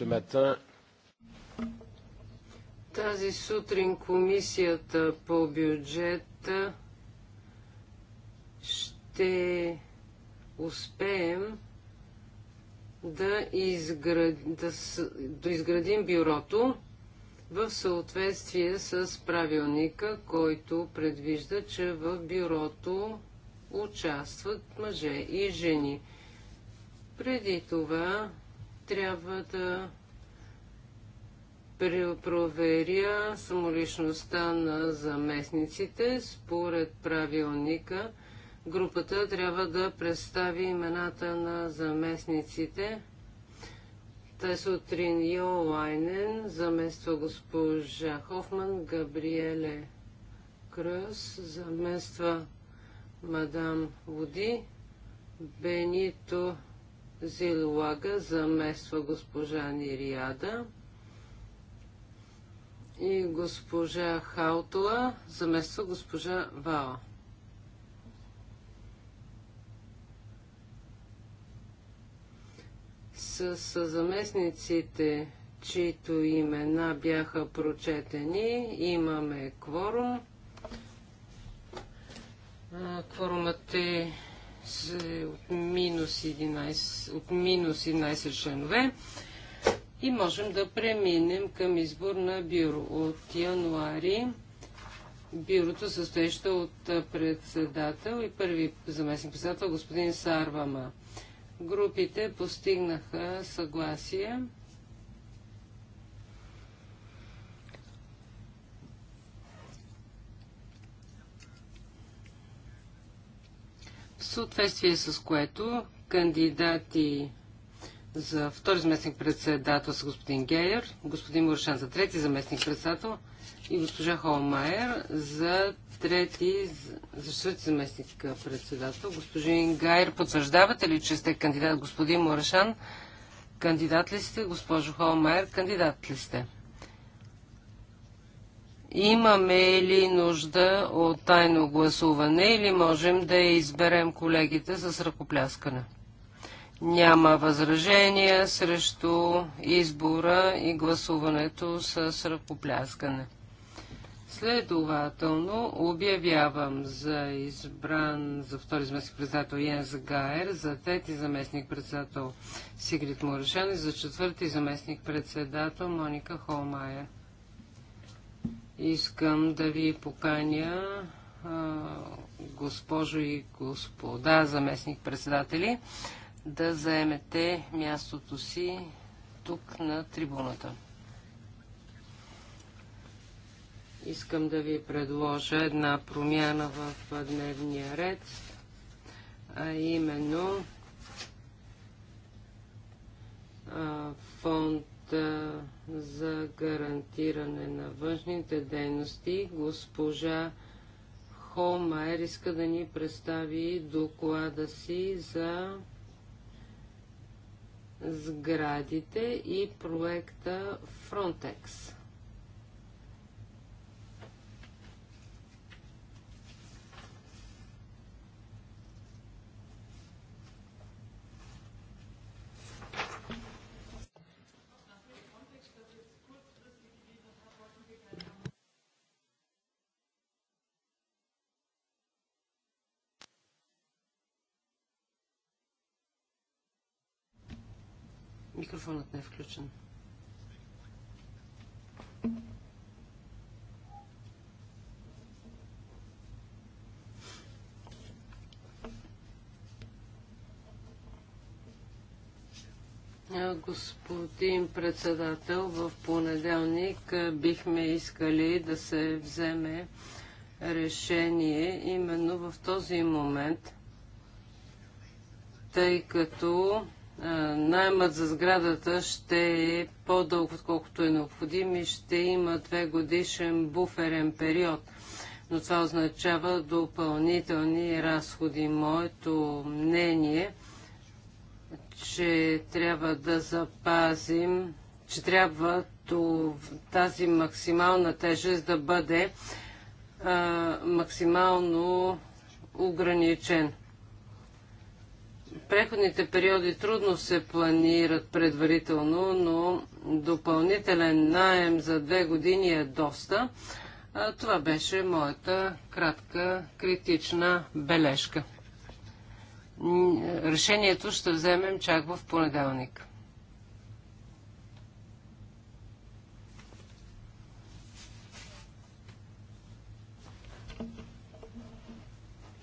ce matin. Тази сутрин комисията по бюджета ще успеем да, изград... да, с... да изградим бюрото в съответствие с правилника, който предвижда, че в бюрото участват мъже и жени. Преди това трябва да проверя самоличността на заместниците. Според правилника, групата трябва да представи имената на заместниците. Те от Йо Лайнен замества госпожа Хофман, Габриеле Кръс замества мадам Води, Бенито Зилуага замества госпожа Нириада и госпожа Хаутова замества госпожа Вала. с заместниците, чието имена бяха прочетени, имаме кворум. Кворумът е от минус 11, от минус 11 членове и можем да преминем към избор на бюро. От януари бюрото състоеща от председател и първи заместник председател господин Сарвама. Групите постигнаха съгласие съответствие с което кандидати за втори заместник председател са господин Гейер, господин Муршан за трети заместник председател и госпожа Холмайер за трети, за четвърти заместник председател. Господин Гайер, потвърждавате ли, че сте кандидат господин Мурашан? Кандидат ли сте, госпожо Холмайер? Кандидат ли сте? Имаме ли нужда от тайно гласуване или можем да изберем колегите с ръкопляскане? Няма възражения срещу избора и гласуването с ръкопляскане. Следователно обявявам за избран за втори заместник председател Йенс Гайер, за трети заместник председател Сигрид Морешан и за четвърти заместник председател Моника Холмайер. Искам да ви поканя, госпожо и господа заместник-председатели, да заемете мястото си тук на трибуната. Искам да ви предложа една промяна в дневния ред, а именно фонд Комисията за гарантиране на външните дейности, госпожа Холмайер иска да ни представи доклада си за сградите и проекта Frontex. Микрофонът не е включен. Господин председател, в понеделник бихме искали да се вземе решение именно в този момент, тъй като наймът за сградата ще е по дълго отколкото е необходим и ще има две годишен буферен период. Но това означава допълнителни разходи. Моето мнение че трябва да запазим, че трябва тази максимална тежест да бъде а, максимално ограничен преходните периоди трудно се планират предварително, но допълнителен найем за две години е доста. А, това беше моята кратка критична бележка. Решението ще вземем чак в понеделник.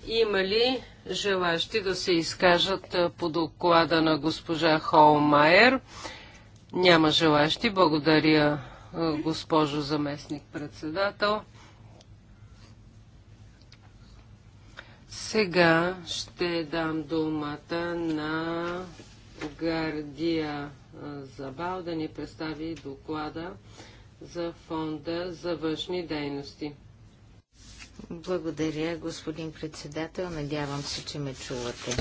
Има ли желащи да се изкажат по доклада на госпожа Холмайер. Няма желащи. Благодаря, госпожо заместник-председател. Сега ще дам думата на Гардия Забал да ни представи доклада за фонда за външни дейности. Благодаря, господин председател. Надявам се, че ме чувате.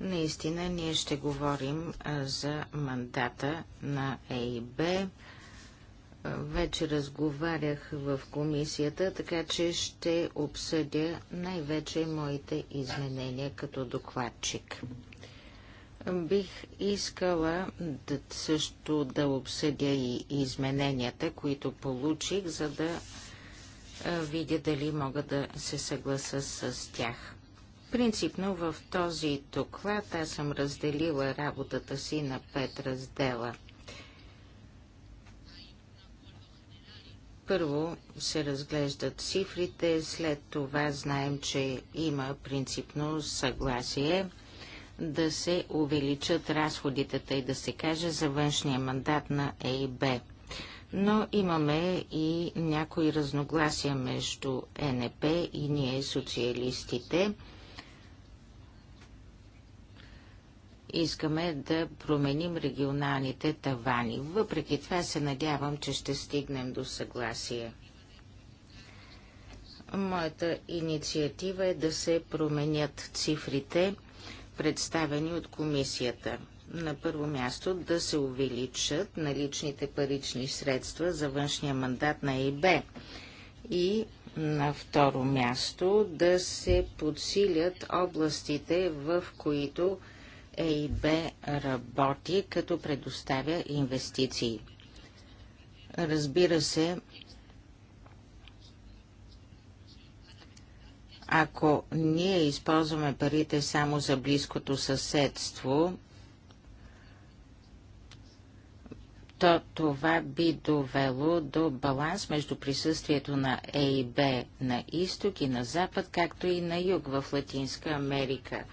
Наистина, ние ще говорим за мандата на ЕИБ. Вече разговарях в комисията, така че ще обсъдя най-вече моите изменения като докладчик. Бих искала да, също да обсъдя и измененията, които получих, за да видя дали мога да се съгласа с тях. Принципно в този доклад аз съм разделила работата си на пет раздела. Първо се разглеждат цифрите, след това знаем, че има принципно съгласие – да се увеличат разходите, тъй да се каже, за външния мандат на ЕИБ. Но имаме и някои разногласия между е НП и ние социалистите. Искаме да променим регионалните тавани. Въпреки това се надявам, че ще стигнем до съгласие. Моята инициатива е да се променят цифрите – представени от комисията. На първо място да се увеличат наличните парични средства за външния мандат на ЕИБ и на второ място да се подсилят областите, в които ЕИБ работи, като предоставя инвестиции. Разбира се, Ако ние използваме парите само за близкото съседство, то това би довело до баланс между присъствието на А и Б на изток и на запад, както и на юг в Латинска Америка.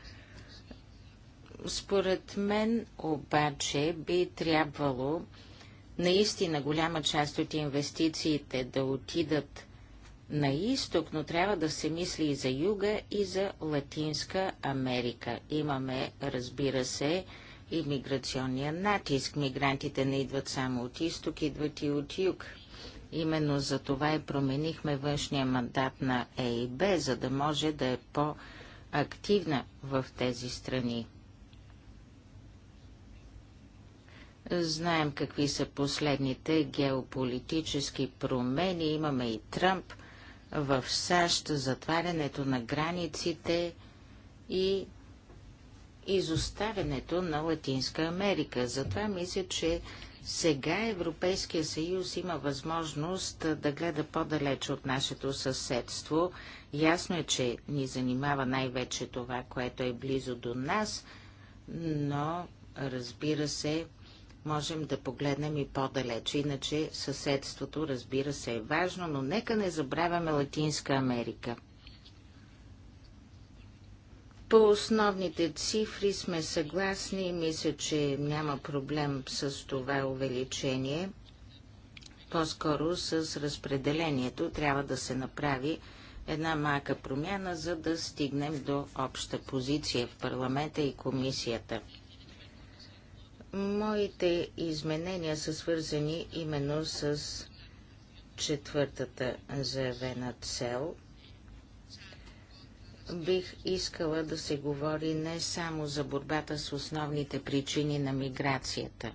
Според мен обаче би трябвало наистина голяма част от инвестициите да отидат на изток, но трябва да се мисли и за юга, и за Латинска Америка. Имаме, разбира се, и миграционния натиск. Мигрантите не идват само от изток, идват и от юг. Именно за това и променихме външния мандат на ЕИБ, за да може да е по-активна в тези страни. Знаем какви са последните геополитически промени. Имаме и Тръмп, в САЩ, затварянето на границите и изоставянето на Латинска Америка. Затова мисля, че сега Европейския съюз има възможност да гледа по-далеч от нашето съседство. Ясно е, че ни занимава най-вече това, което е близо до нас, но разбира се, можем да погледнем и по-далеч. Иначе съседството, разбира се, е важно, но нека не забравяме Латинска Америка. По основните цифри сме съгласни. Мисля, че няма проблем с това увеличение. По-скоро с разпределението трябва да се направи една малка промяна, за да стигнем до обща позиция в парламента и комисията. Моите изменения са свързани именно с четвъртата заявена цел. Бих искала да се говори не само за борбата с основните причини на миграцията.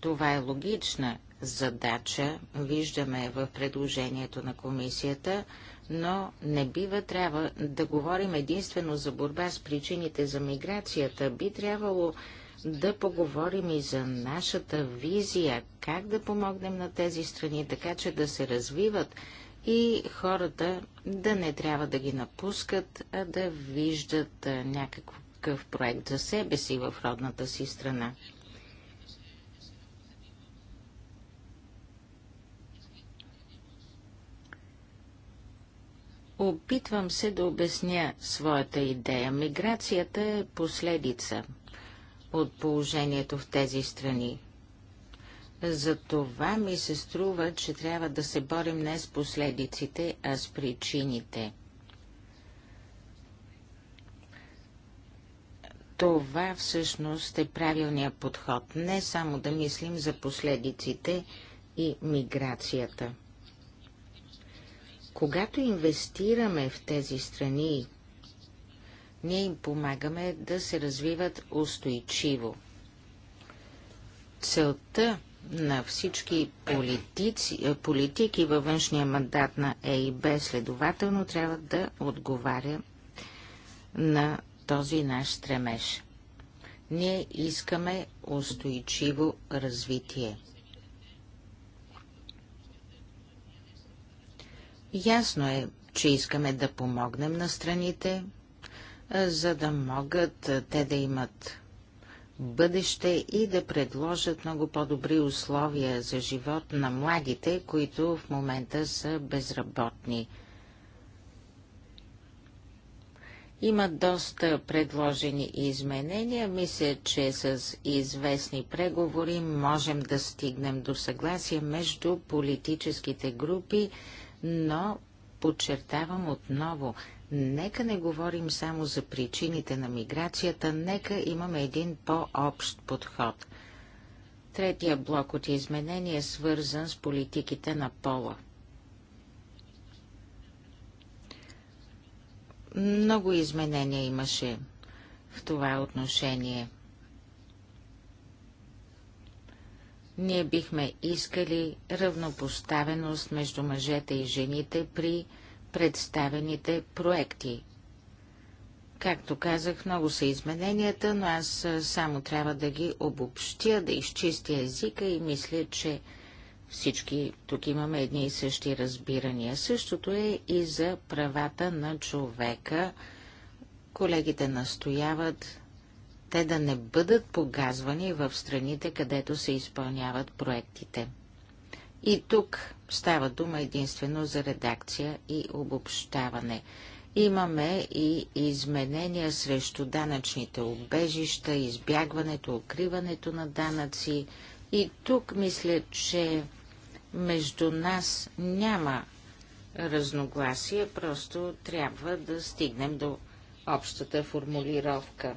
Това е логична задача, виждаме в предложението на комисията – но не бива трябва да говорим единствено за борба с причините за миграцията. Би трябвало да поговорим и за нашата визия, как да помогнем на тези страни, така че да се развиват и хората да не трябва да ги напускат, а да виждат някакъв проект за себе си в родната си страна. Опитвам се да обясня своята идея. Миграцията е последица от положението в тези страни. За това ми се струва, че трябва да се борим не с последиците, а с причините. Това всъщност е правилният подход. Не само да мислим за последиците и миграцията. Когато инвестираме в тези страни, ние им помагаме да се развиват устойчиво. Целта на всички политици, политики във външния мандат на ЕИБ следователно трябва да отговаря на този наш стремеж. Ние искаме устойчиво развитие – Ясно е, че искаме да помогнем на страните, за да могат те да имат бъдеще и да предложат много по-добри условия за живот на младите, които в момента са безработни. Има доста предложени изменения. Мисля, че с известни преговори можем да стигнем до съгласие между политическите групи но подчертавам отново, нека не говорим само за причините на миграцията, нека имаме един по-общ подход. Третия блок от изменения е свързан с политиките на пола. Много изменения имаше в това отношение. Ние бихме искали равнопоставеност между мъжете и жените при представените проекти. Както казах, много са измененията, но аз само трябва да ги обобщя, да изчистя езика и мисля, че всички тук имаме едни и същи разбирания. Същото е и за правата на човека. Колегите настояват те да не бъдат погазвани в страните, където се изпълняват проектите. И тук става дума единствено за редакция и обобщаване. Имаме и изменения срещу данъчните обежища, избягването, укриването на данъци. И тук мисля, че между нас няма разногласие, просто трябва да стигнем до общата формулировка.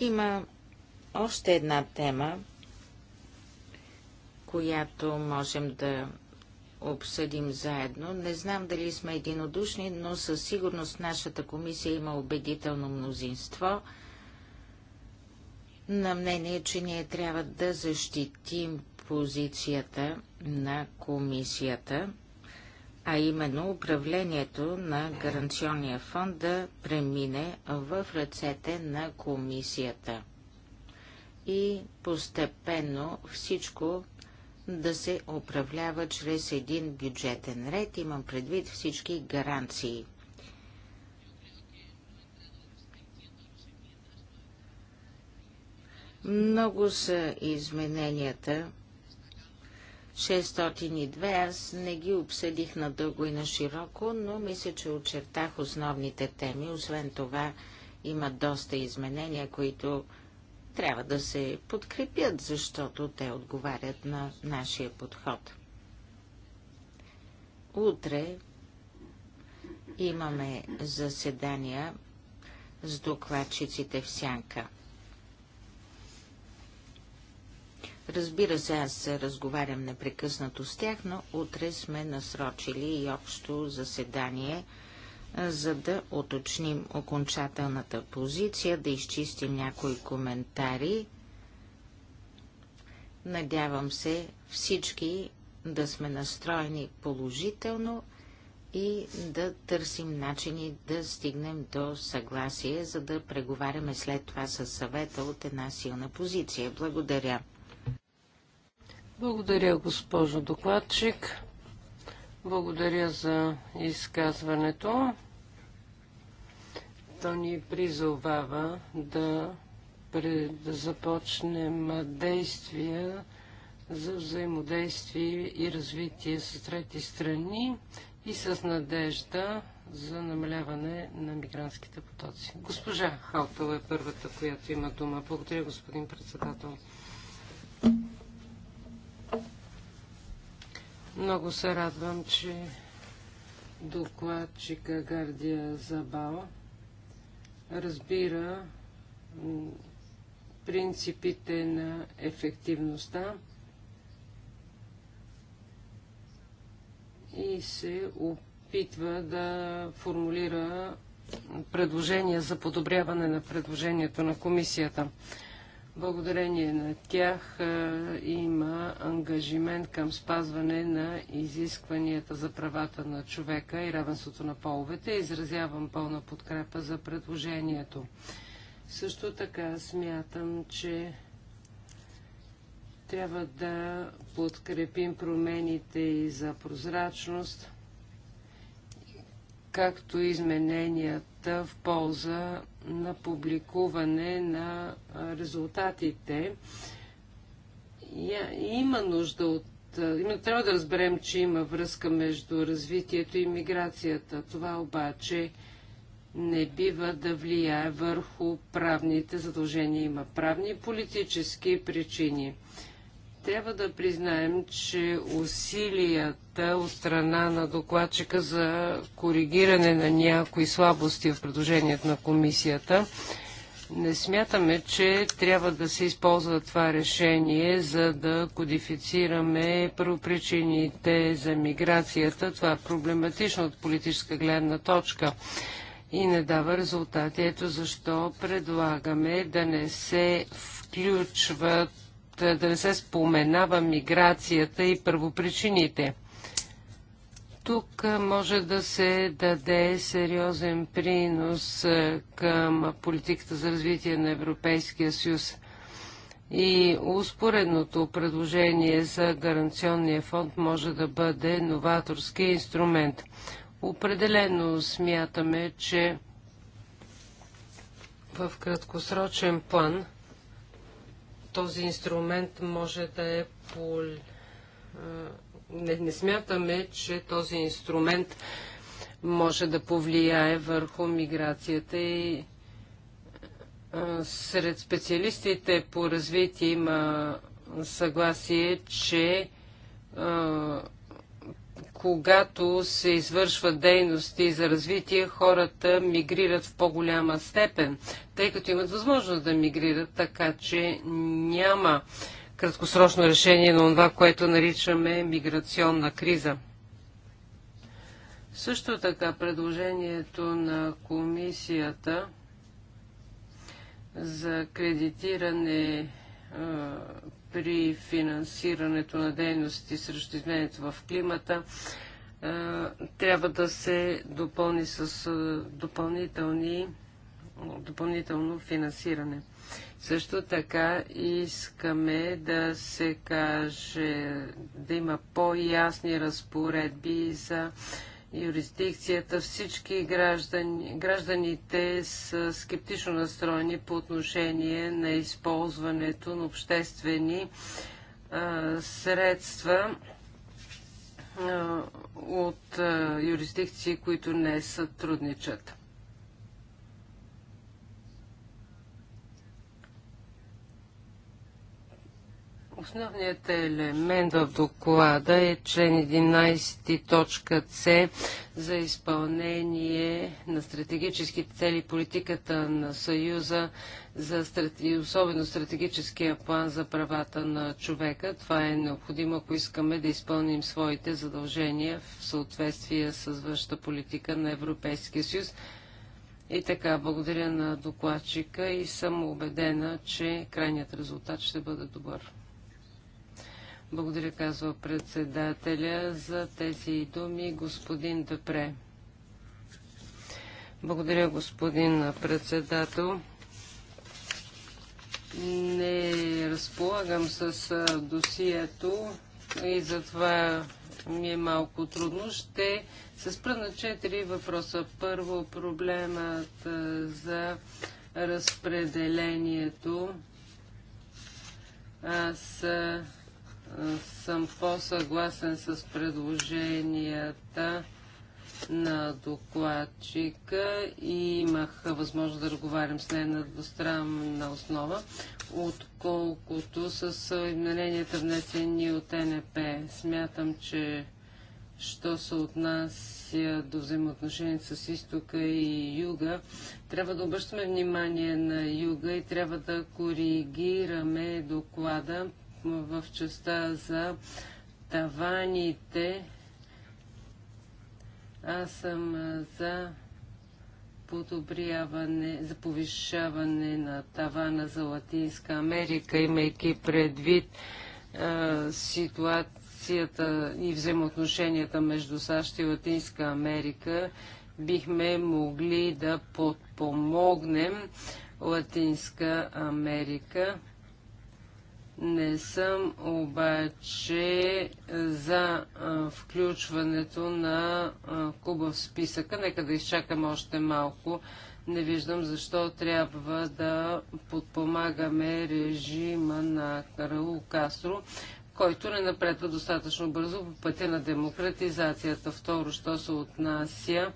Има още една тема, която можем да обсъдим заедно. Не знам дали сме единодушни, но със сигурност нашата комисия има убедително мнозинство на мнение, че ние трябва да защитим позицията на комисията а именно управлението на гаранционния фонд да премине в ръцете на комисията и постепенно всичко да се управлява чрез един бюджетен ред. Имам предвид всички гаранции. Много са измененията, 602. Аз не ги обсъдих надълго и на широко, но мисля, че очертах основните теми. Освен това, има доста изменения, които трябва да се подкрепят, защото те отговарят на нашия подход. Утре имаме заседания с докладчиците в Сянка. Разбира се, аз разговарям непрекъснато с тях, но утре сме насрочили и общо заседание, за да уточним окончателната позиция, да изчистим някои коментари. Надявам се всички да сме настроени положително и да търсим начини да стигнем до съгласие, за да преговаряме след това със съвета от една силна позиция. Благодаря. Благодаря, госпожо докладчик. Благодаря за изказването. То ни призовава да, да започнем действия за взаимодействие и развитие с трети страни и с надежда за намаляване на мигрантските потоци. Госпожа Халтова е първата, която има дума. Благодаря, господин председател. Много се радвам, че докладчика Гардия Забала разбира принципите на ефективността и се опитва да формулира предложения за подобряване на предложението на комисията. Благодарение на тях има ангажимент към спазване на изискванията за правата на човека и равенството на половете. Изразявам пълна подкрепа за предложението. Също така смятам, че трябва да подкрепим промените и за прозрачност, както измененията в полза на публикуване на резултатите. Има нужда от Именно трябва да разберем, че има връзка между развитието и миграцията. Това обаче не бива да влияе върху правните задължения. Има правни и политически причини. Трябва да признаем, че усилията от страна на докладчика за коригиране на някои слабости в предложението на комисията не смятаме, че трябва да се използва това решение, за да кодифицираме първопричините за миграцията. Това е проблематично от политическа гледна точка и не дава резултати. Ето защо предлагаме да не се включват е, да не се споменава миграцията и първопричините. Тук е, може да се даде сериозен принос е, към политиката за развитие на Европейския съюз. И успоредното предложение за гаранционния фонд може да бъде новаторски инструмент. Определено смятаме, че в краткосрочен план – този инструмент може да е по... Не, не смятаме, че този инструмент може да повлияе върху миграцията и сред специалистите по развитие има съгласие, че когато се извършват дейности за развитие, хората мигрират в по-голяма степен, тъй като имат възможност да мигрират, така че няма краткосрочно решение на това, което наричаме миграционна криза. Също така предложението на комисията за кредитиране при финансирането на дейности срещу изменението в климата трябва да се допълни с допълнителни, допълнително финансиране. Също така искаме да се каже, да има по-ясни разпоредби за юрисдикцията, всички граждани, гражданите са скептично настроени по отношение на използването на обществени а, средства а, от а, юрисдикции, които не сътрудничат. Основният елемент в доклада е член 11 точка С за изпълнение на стратегическите цели политиката на Съюза за страти... особено стратегическия план за правата на човека. Това е необходимо, ако искаме да изпълним своите задължения в съответствие с външната политика на Европейския съюз. И така, благодаря на докладчика и съм убедена, че крайният резултат ще бъде добър. Благодаря, казва председателя, за тези думи господин Депре. Благодаря, господин председател. Не разполагам с досието и затова ми е малко трудно. Ще се спра на четири въпроса. Първо проблемът за разпределението. с съм по-съгласен с предложенията на докладчика и имах възможност да разговарям с нея на двустранна основа, отколкото с измененията внесени от НП. Смятам, че що се отнася до взаимоотношенията с изтока и юга, трябва да обръщаме внимание на юга и трябва да коригираме доклада в частта за таваните. Аз съм за подобряване, за повишаване на тавана за Латинска Америка, имайки предвид а, ситуацията и взаимоотношенията между САЩ и Латинска Америка, бихме могли да подпомогнем Латинска Америка не съм обаче за включването на Куба в списъка. Нека да изчакам още малко. Не виждам защо трябва да подпомагаме режима на Караул Кастро, който не напредва достатъчно бързо по пътя на демократизацията. Второ, що се отнася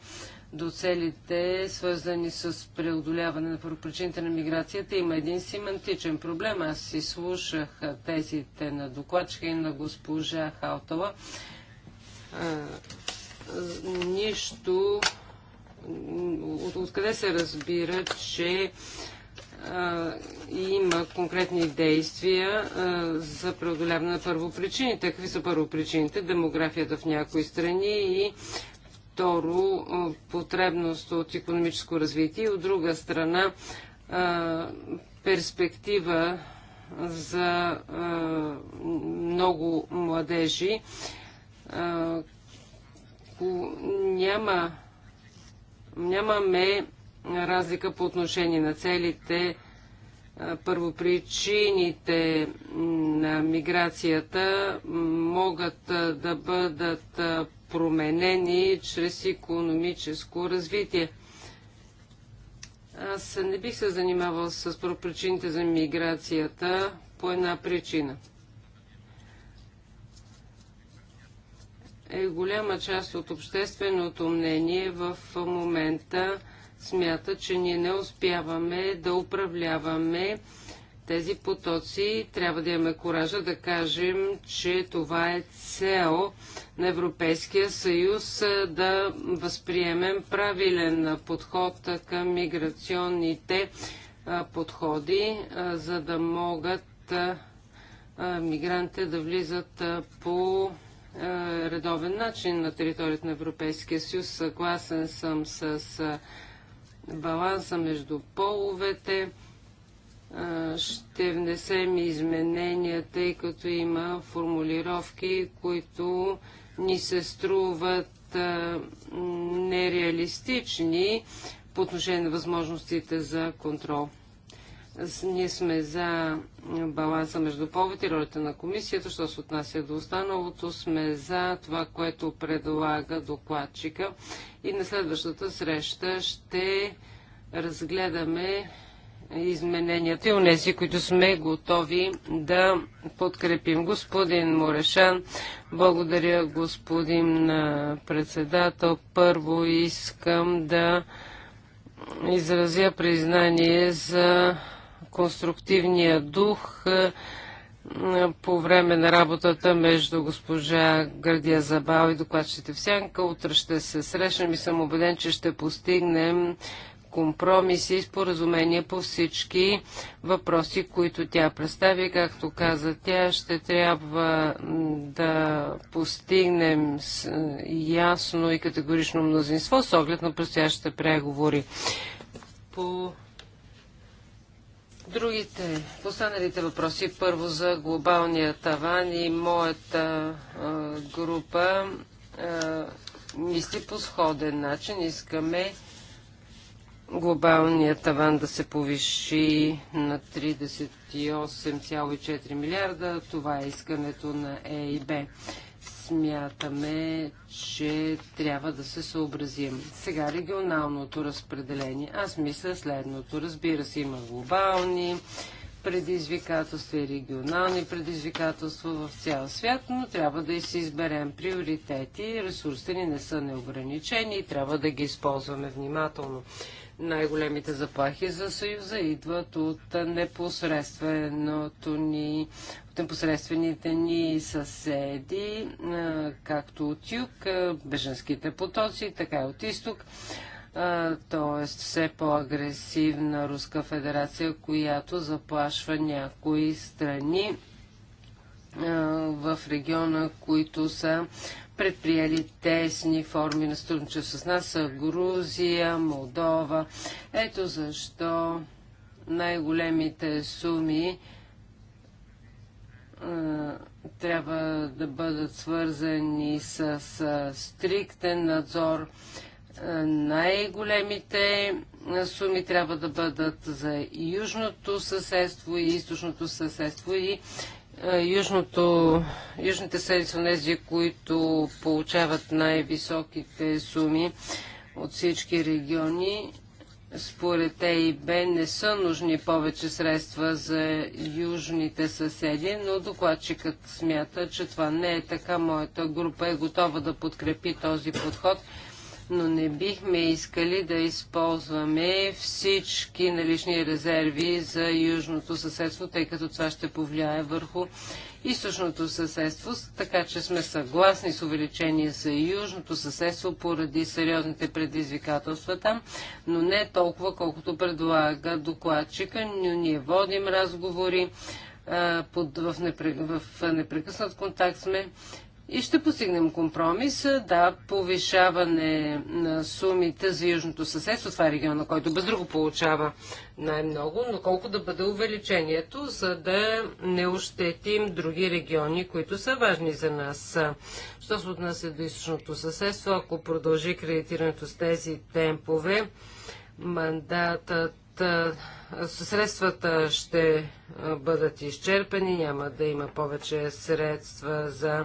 до целите, свързани с преодоляване на първопричините на миграцията, има един семантичен проблем. Аз си слушах тезите на докладчика и на госпожа Халтова. Нищо, от, откъде се разбира, че а, има конкретни действия а, за преодоляване на първопричините. Какви са първопричините? Демографията в някои страни и второ потребност от економическо развитие и от друга страна перспектива за много младежи. Няма, нямаме разлика по отношение на целите, първопричините на миграцията могат да бъдат променени чрез економическо развитие. Аз не бих се занимавал с причините за миграцията по една причина. Е, голяма част от общественото мнение в момента смята, че ние не успяваме да управляваме тези потоци. Трябва да имаме коража да кажем, че това е цел на Европейския съюз да възприемем правилен подход към миграционните подходи, за да могат мигрантите да влизат по редовен начин на територията на Европейския съюз. Съгласен съм с баланса между половете ще внесем изменения, тъй като има формулировки, които ни се струват нереалистични по отношение на възможностите за контрол. ние сме за баланса между повете и ролята на комисията, що се отнася до останалото, сме за това, което предлага докладчика и на следващата среща ще разгледаме измененията и унези, които сме готови да подкрепим. Господин Морешан, благодаря господин председател. Първо искам да изразя признание за конструктивния дух по време на работата между госпожа Гърдия Забал и докладчите в Сянка. Утре ще се срещнем и съм убеден, че ще постигнем компромиси и споразумения по всички въпроси, които тя представи. Както каза тя, ще трябва да постигнем ясно и категорично мнозинство с оглед на предстоящите преговори. По другите, останалите въпроси, първо за глобалния таван и моята а, група а, мисли по сходен начин. Искаме глобалният таван да се повиши на 38,4 милиарда. Това е искането на ЕИБ. Смятаме, че трябва да се съобразим. Сега регионалното разпределение. Аз мисля следното. Разбира се, има глобални предизвикателства и регионални предизвикателства в цял свят, но трябва да и си изберем приоритети. Ресурсите ни не са неограничени и трябва да ги използваме внимателно най-големите заплахи за Съюза идват от непосредственото ни, от непосредствените ни съседи, както от юг, беженските потоци, така и от изток т.е. все по-агресивна Руска федерация, която заплашва някои страни в региона, които са предприели тесни форми на сътрудничество с нас, Грузия, Молдова. Ето защо най-големите суми трябва да бъдат свързани с, с стриктен надзор. Най-големите суми трябва да бъдат за южното съседство и източното съседство и е, южното, южните са тези, които получават най-високите суми от всички региони, според ЕИБ не са нужни повече средства за южните съседи, но докладчикът смята, че това не е така. Моята група е готова да подкрепи този подход но не бихме искали да използваме всички налични резерви за южното съседство, тъй като това ще повлияе върху източното съседство, така че сме съгласни с увеличение за южното съседство поради сериозните предизвикателства там, но не толкова, колкото предлага докладчика, но ние водим разговори, под, в, в непрекъснат контакт сме и ще постигнем компромис. Да, повишаване на сумите за Южното съседство, това е региона, който без друго получава най-много, но колко да бъде увеличението, за да не ощетим други региони, които са важни за нас. Що се отнася до източното съседство, ако продължи кредитирането с тези темпове, мандатът средствата ще бъдат изчерпани, няма да има повече средства за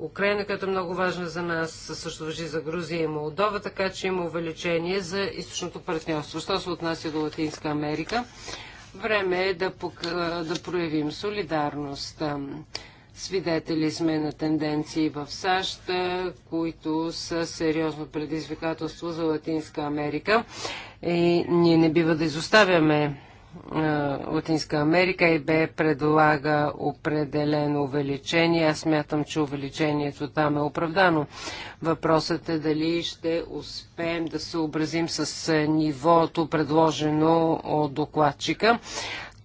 Украина, която е много важна за нас, също въжи за Грузия и Молдова, така че има увеличение за източното партньорство. Що се отнася до Латинска Америка? Време е да, пок... да проявим солидарност. Свидетели сме на тенденции в САЩ, които са сериозно предизвикателство за Латинска Америка. И ние не бива да изоставяме е, Латинска Америка и бе предлага определено увеличение. Аз мятам, че увеличението там е оправдано. Въпросът е дали ще успеем да се образим с е, нивото предложено от докладчика.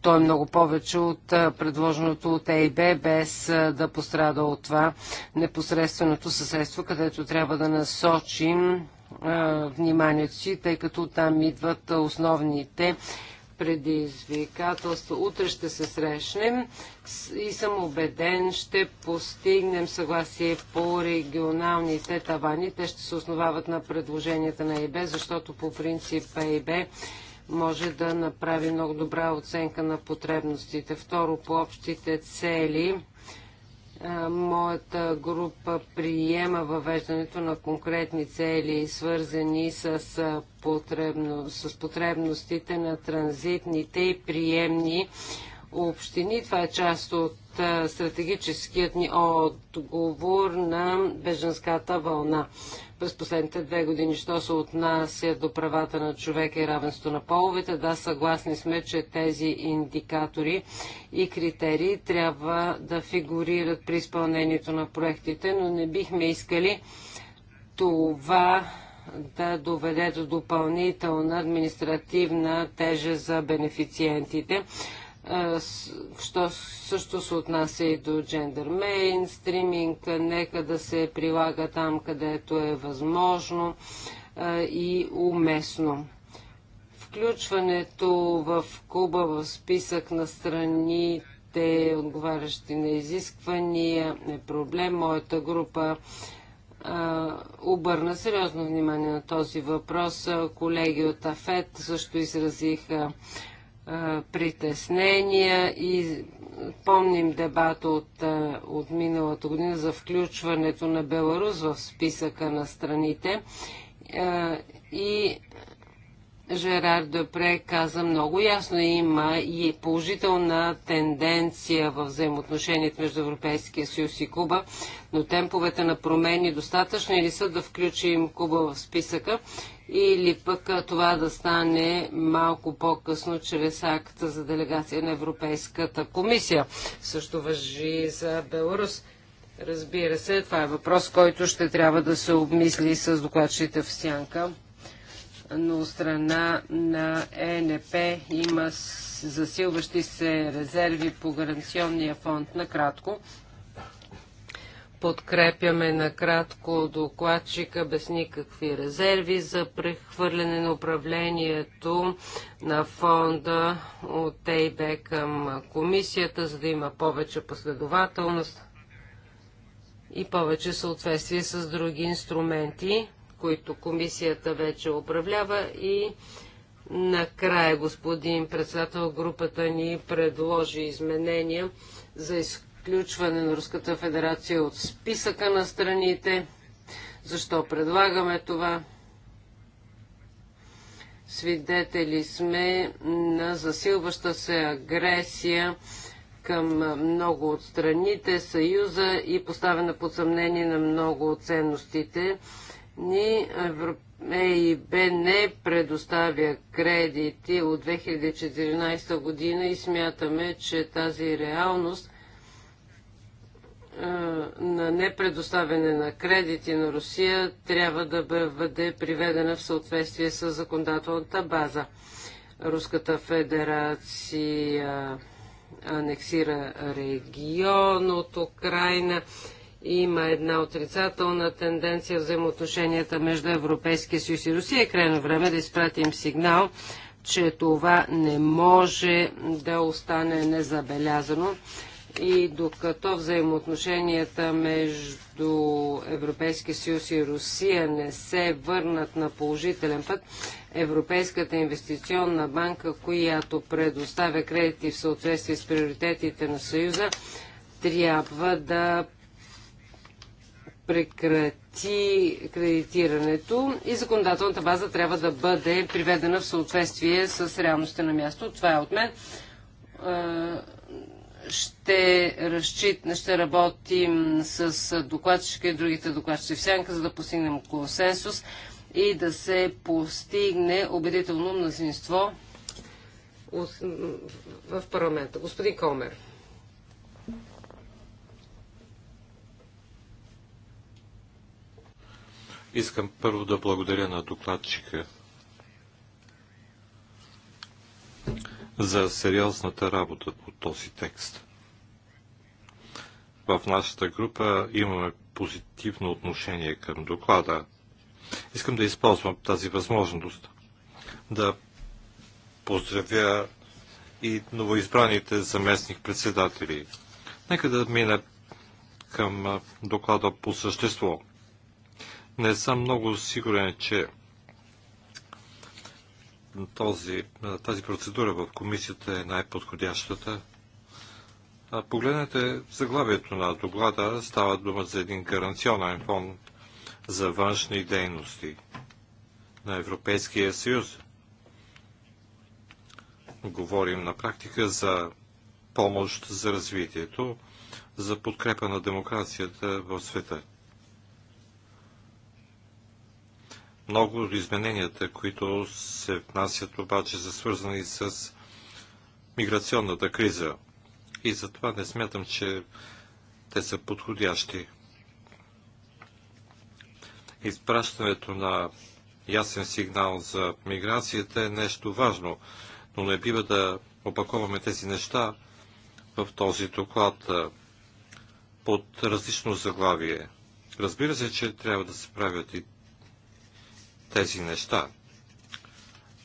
То е много повече от е, предложеното от ЕИБ, без да пострада от това непосредственото съседство, където трябва да насочим вниманието си, тъй като там идват основните предизвикателство. Утре ще се срещнем и съм убеден, ще постигнем съгласие по регионалните тавани. Те ще се основават на предложенията на ЕБ, защото по принцип ЕБ може да направи много добра оценка на потребностите. Второ, по общите цели Моята група приема въвеждането на конкретни цели, свързани с, потребно, с потребностите на транзитните и приемни общини. Това е част от стратегическият ни отговор на беженската вълна през последните две години. Що се отнася до правата на човека и равенство на половете, да, съгласни сме, че тези индикатори и критерии трябва да фигурират при изпълнението на проектите, но не бихме искали това да доведе до допълнителна административна тежест за бенефициентите що също се отнася и до джендър мейнстриминг, нека да се прилага там, където е възможно и уместно. Включването в клуба в списък на страните, отговарящи на изисквания, е проблем. Моята група обърна сериозно внимание на този въпрос. Колеги от АФЕТ също изразиха притеснения и помним дебата от, от миналата година за включването на Беларус в списъка на страните и Жерар Депре каза много ясно, има и положителна тенденция в взаимоотношението между Европейския съюз и Куба, но темповете на промени достатъчни ли са да включим Куба в списъка или пък това да стане малко по-късно чрез акта за делегация на Европейската комисия. Също въжи за Беларус. Разбира се, това е въпрос, който ще трябва да се обмисли с докладчите в сянка но страна на ЕНП има засилващи се резерви по гаранционния фонд. Накратко, подкрепяме накратко докладчика без никакви резерви за прехвърляне на управлението на фонда от ЕИБ към комисията, за да има повече последователност и повече съответствие с други инструменти които комисията вече управлява и накрая господин председател групата ни предложи изменения за изключване на Руската федерация от списъка на страните. Защо предлагаме това? Свидетели сме на засилваща се агресия към много от страните, Съюза и поставена под съмнение на много от ценностите ни ЕИБ не предоставя кредити от 2014 година и смятаме, че тази реалност на непредоставяне на кредити на Русия трябва да бъде приведена в съответствие с законодателната база. Руската федерация анексира регион от Украина, има една отрицателна тенденция в взаимоотношенията между Европейския съюз и Русия. Е крайно време да изпратим сигнал, че това не може да остане незабелязано. И докато взаимоотношенията между Европейския съюз и Русия не се върнат на положителен път, Европейската инвестиционна банка, която предоставя кредити в съответствие с приоритетите на Съюза, трябва да прекрати кредитирането и законодателната база трябва да бъде приведена в съответствие с реалността на място. Това е от мен. Ще, разчит, ще работим с докладчика и другите докладчици в сянка, за да постигнем консенсус и да се постигне убедително мнозинство в парламента. Господин Комер. Искам първо да благодаря на докладчика за сериозната работа по този текст. В нашата група имаме позитивно отношение към доклада. Искам да използвам тази възможност да поздравя и новоизбраните заместник председатели. Нека да мина към доклада по същество – не съм много сигурен, че този, тази процедура в комисията е най-подходящата. Погледнете заглавието на доклада. Става дума за един гаранционен фонд за външни дейности на Европейския съюз. Говорим на практика за помощ за развитието, за подкрепа на демокрацията в света. Много от измененията, които се внасят обаче са свързани с миграционната криза и затова не смятам, че те са подходящи. Изпращането на ясен сигнал за миграцията е нещо важно, но не бива да опаковаме тези неща в този доклад под различно заглавие. Разбира се, че трябва да се правят и тези неща.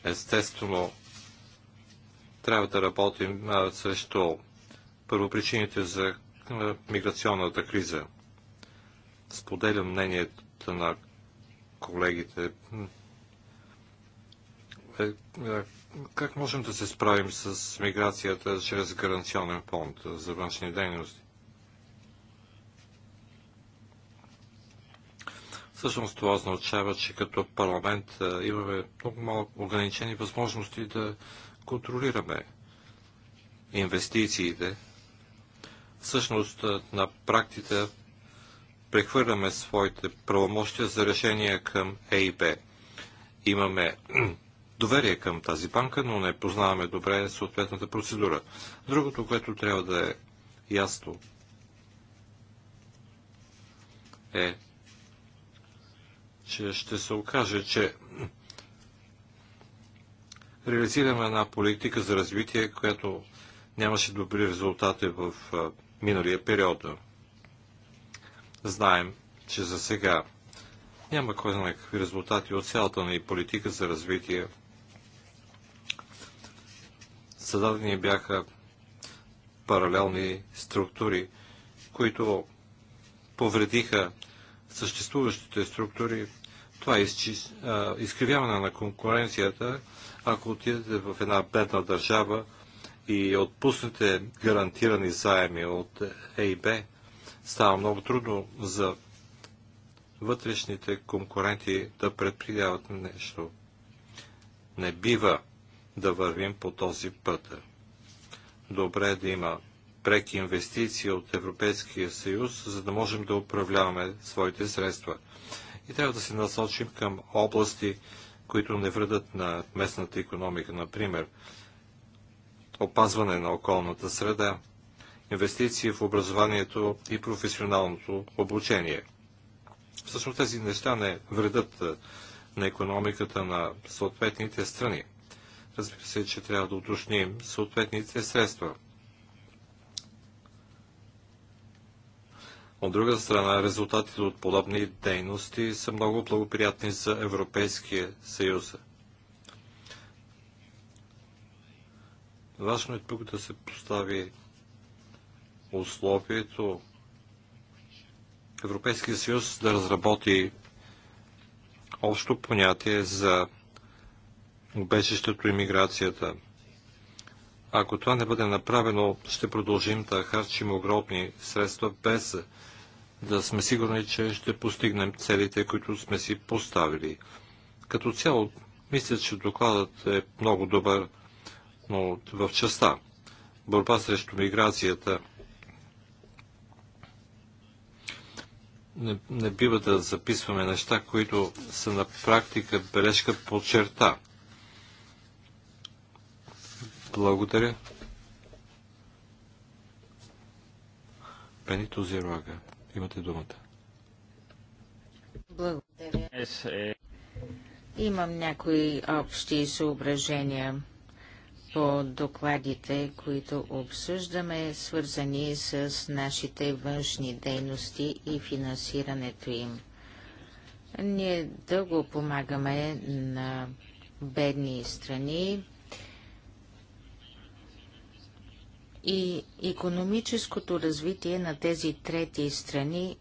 Естествено, трябва да работим срещу първопричините за миграционната криза. Споделям мнението на колегите. Е, е, как можем да се справим с миграцията чрез гаранционен фонд за външни дейности? Всъщност това означава, че като парламент имаме много малко ограничени възможности да контролираме инвестициите. Всъщност на практика прехвърляме своите правомощия за решения към ЕИБ. Имаме доверие към тази банка, но не познаваме добре съответната процедура. Другото, което трябва да е ясно, е, че ще се окаже, че реализираме една политика за развитие, която нямаше добри резултати в миналия период. Знаем, че за сега няма кой знае какви резултати от цялата ни политика за развитие. Създадени бяха паралелни структури, които повредиха съществуващите структури, това е изкривяване на конкуренцията, ако отидете в една бедна държава и отпуснете гарантирани заеми от ЕИБ, става много трудно за вътрешните конкуренти да предприяват нещо. Не бива да вървим по този път. Добре е да има преки инвестиции от Европейския съюз, за да можем да управляваме своите средства и трябва да се насочим към области, които не вредат на местната економика, например опазване на околната среда, инвестиции в образованието и професионалното обучение. Всъщност тези неща не вредат на економиката на съответните страни. Разбира се, че трябва да уточним съответните средства – От друга страна, резултатите от подобни дейности са много благоприятни за Европейския съюз. Важно е тук да се постави условието Европейския съюз да разработи общо понятие за убежището и миграцията. Ако това не бъде направено, ще продължим да харчим огромни средства без да сме сигурни, че ще постигнем целите, които сме си поставили. Като цяло, мисля, че докладът е много добър, но в частта борба срещу миграцията не, не бива да записваме неща, които са на практика бележка по черта. Благодаря. Бенито Зирога. Имате думата. Благодаря. Имам някои общи съображения по докладите, които обсъждаме, свързани с нашите външни дейности и финансирането им. Ние дълго помагаме на бедни страни, И економическото развитие на тези трети страни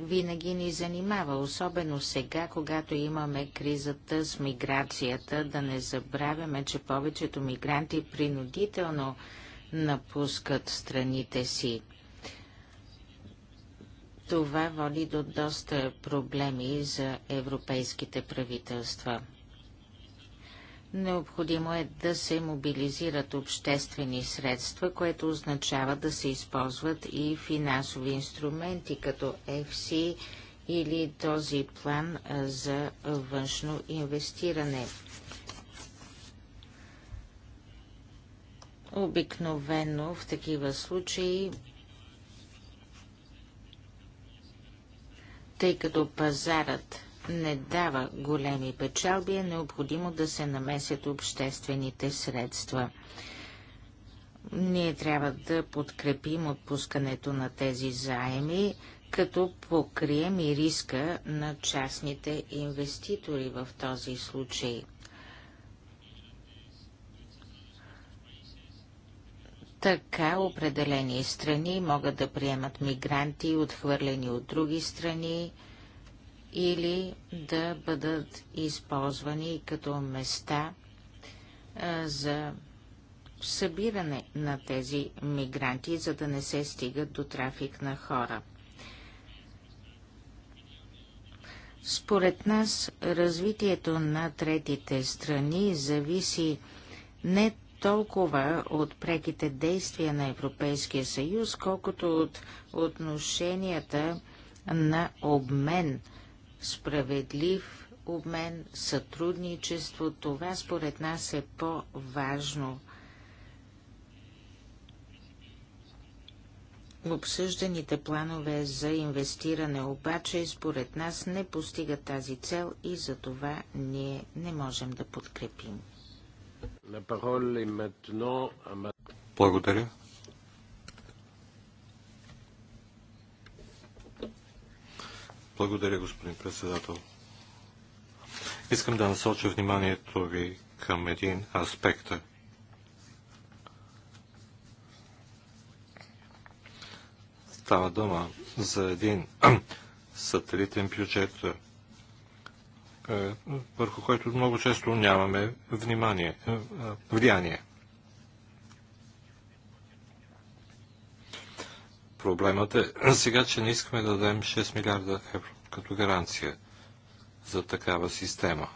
винаги ни занимава, особено сега, когато имаме кризата с миграцията. Да не забравяме, че повечето мигранти принудително напускат страните си. Това води до доста проблеми за европейските правителства. Необходимо е да се мобилизират обществени средства, което означава да се използват и финансови инструменти, като FC или този план за външно инвестиране. Обикновено в такива случаи, тъй като пазарът не дава големи печалби, е необходимо да се намесят обществените средства. Ние трябва да подкрепим отпускането на тези заеми, като покрием и риска на частните инвеститори в този случай. Така определени страни могат да приемат мигранти, отхвърлени от други страни, или да бъдат използвани като места за събиране на тези мигранти, за да не се стигат до трафик на хора. Според нас, развитието на третите страни зависи не толкова от преките действия на Европейския съюз, колкото от отношенията на обмен – справедлив обмен, сътрудничество. Това според нас е по-важно. Обсъжданите планове за инвестиране обаче според нас не постигат тази цел и за това ние не можем да подкрепим. Благодаря. Благодаря, господин председател. Искам да насоча вниманието ви към един аспект. Става дума за един сателитен бюджет, е, върху който много често нямаме внимание, е, е, влияние. Проблемът е сега, че не искаме да дадем 6 милиарда евро като гаранция за такава система.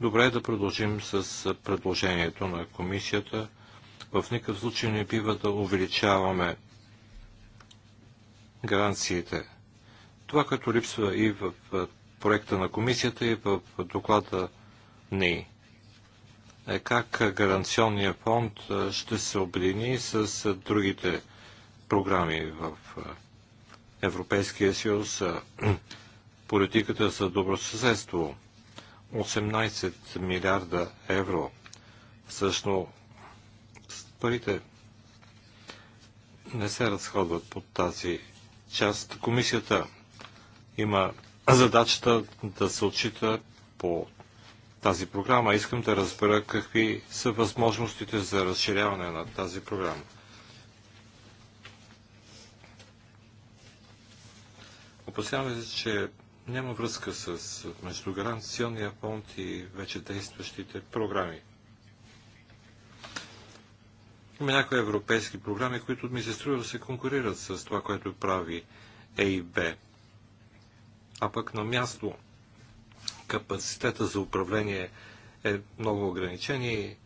Добре е да продължим с предложението на комисията. В никакъв случай не бива да увеличаваме гаранциите. Това, като липсва и в проекта на комисията, и в доклада ни, е как гаранционния фонд ще се обедини с другите програми в Европейския съюз, политиката за добросъседство 18 милиарда евро. Всъщност парите не се разходват под тази част. Комисията има задачата да се отчита по тази програма. Искам да разбера какви са възможностите за разширяване на тази програма. Опасяваме се, че няма връзка с междугаранционния фонд и вече действащите програми. Има някои европейски програми, които ми се струва да се конкурират с това, което прави Е и Б. А пък на място капацитета за управление е много ограничен и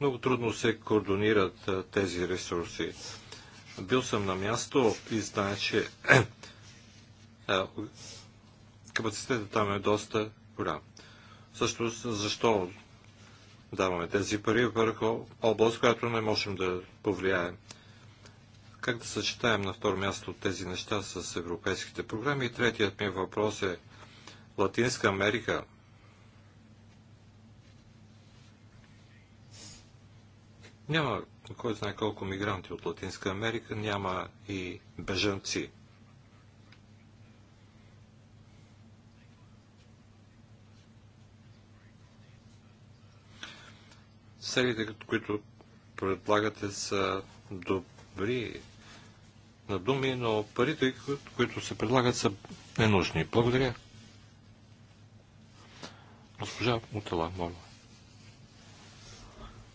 много трудно се координират тези ресурси. Бил съм на място и знае, че Е, капацитета там е доста голям. Също защо даваме тези пари върху област, която не можем да повлияем. Как да съчетаем на второ място тези неща с европейските програми? И третият ми въпрос е Латинска Америка. Няма кой знае колко мигранти от Латинска Америка, няма и бежанци. целите, които предлагате, са добри на думи, но парите, които се предлагат, са ненужни. Благодаря. Госпожа Мутела, моля.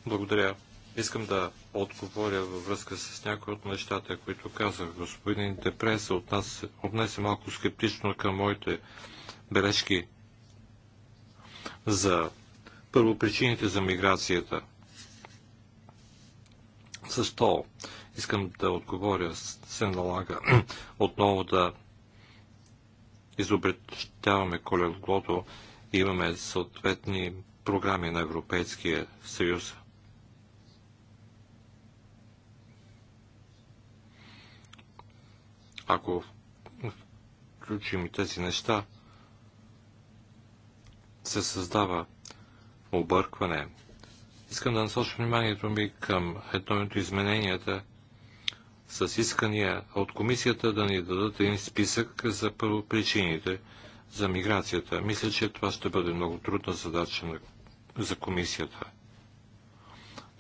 Благодаря. Искам да отговоря във връзка с някои от нещата, които казах. Господин от нас отнесе малко скептично към моите бележки за първо, причините за миграцията. Защо? Искам да отговоря, се налага отново да изобретяваме колелото и имаме съответни програми на Европейския съюз. Ако включим и тези неща, се създава объркване. Искам да насоча вниманието ми към едно от измененията с искания от комисията да ни дадат един списък за първопричините за миграцията. Мисля, че това ще бъде много трудна задача на, за комисията.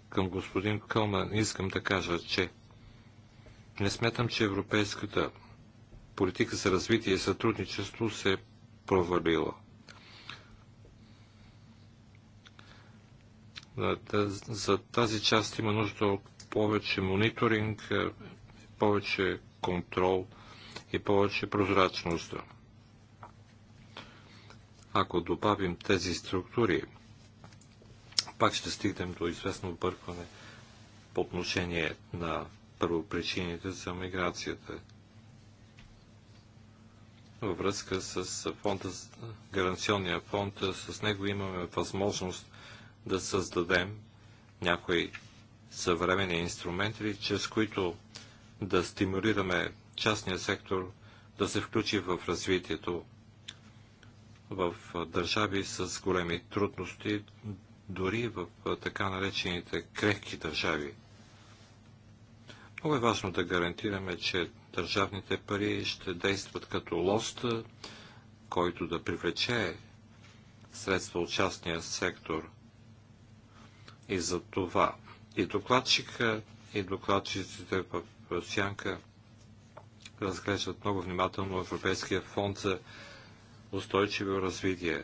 Към господин Кълман искам да кажа, че не сметам, че европейската политика за развитие и сътрудничество се е провалила – Е, за тази част има нужда от повече мониторинг, е, повече контрол и повече прозрачност. Ако добавим тези структури, пак ще стигнем до известно объркване по отношение на първопричините за миграцията. Във връзка с фонда, гаранционния фонд, е, с него имаме възможност да създадем някои съвременни инструменти, чрез които да стимулираме частния сектор да се включи в развитието в държави с големи трудности, дори в така наречените крехки държави. Много е важно да гарантираме, че държавните пари ще действат като лост, който да привлече средства от частния сектор – и за това и докладчика, и докладчиците в Сянка разглеждат много внимателно Европейския фонд за устойчиво развитие.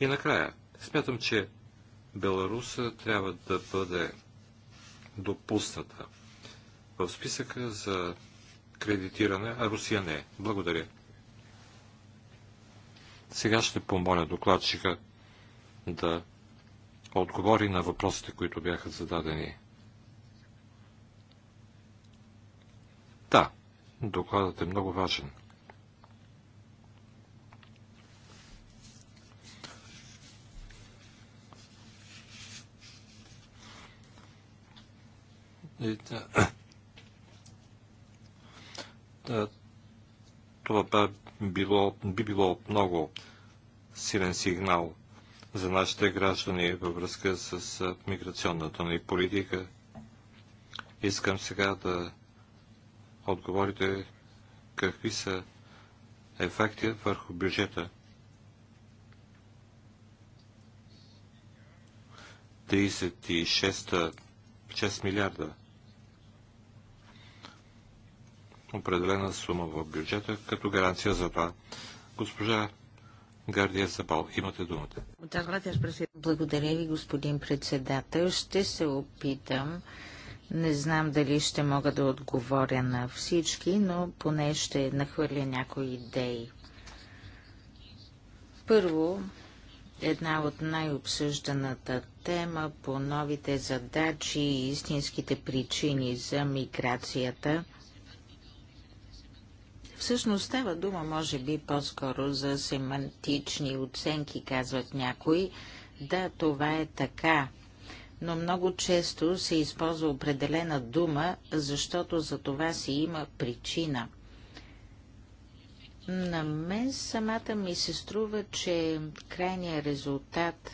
И накрая, смятам, че Беларуса трябва да бъде допусната в списъка за кредитиране, а Русия не. Благодаря. Сега ще помоля докладчика да отговори на въпросите, които бяха зададени. Да, докладът е много важен. И, да, да, това би било, би било много силен сигнал за нашите граждани във връзка с миграционната ни политика. Искам сега да отговорите какви са ефекти върху бюджета. 36 6 милиарда. Определена сума в бюджета като гаранция за това. Госпожа Гардия Забал. Имате думата. Благодаря ви, господин председател. Ще се опитам. Не знам дали ще мога да отговоря на всички, но поне ще нахвърля някои идеи. Първо, една от най-обсъжданата тема по новите задачи и истинските причини за миграцията – Всъщност става дума, може би, по-скоро за семантични оценки, казват някои. Да, това е така. Но много често се използва определена дума, защото за това си има причина. На мен самата ми се струва, че крайният резултат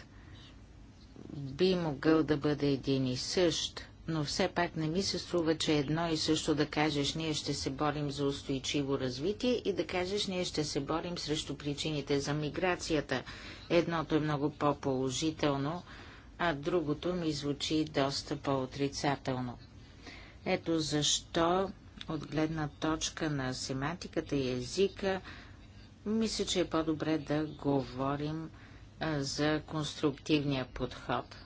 би могъл да бъде един и същ но все пак не ми нали, се струва, че едно и също да кажеш ние ще се борим за устойчиво развитие и да кажеш ние ще се борим срещу причините за миграцията. Едното е много по-положително, а другото ми звучи доста по-отрицателно. Ето защо от гледна точка на семантиката и езика, мисля, че е по-добре да говорим а, за конструктивния подход –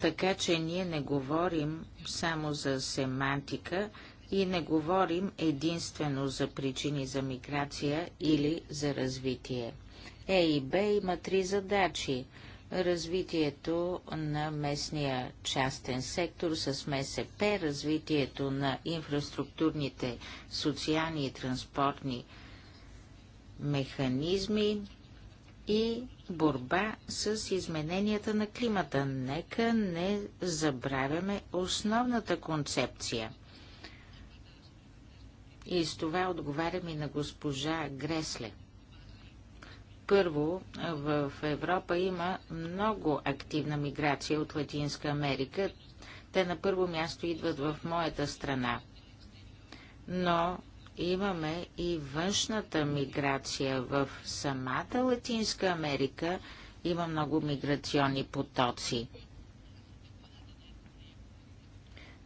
така че ние не говорим само за семантика и не говорим единствено за причини за миграция или за развитие. Е и Б има три задачи. Развитието на местния частен сектор с МСП, развитието на инфраструктурните, социални и транспортни механизми, и борба с измененията на климата. Нека не забравяме основната концепция. И с това отговарям и на госпожа Гресле. Първо, в Европа има много активна миграция от Латинска Америка. Те на първо място идват в моята страна. Но имаме и външната миграция в самата Латинска Америка. Има много миграционни потоци.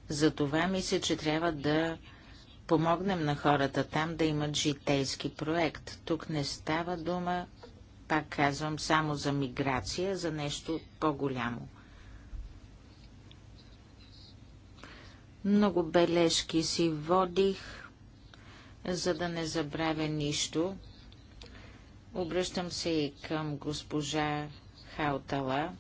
Затова мисля, че трябва да помогнем на хората там да имат житейски проект. Тук не става дума, пак казвам, само за миграция, за нещо по-голямо. Много бележки си водих за да не забравя нищо, обръщам се и към госпожа Хаутала.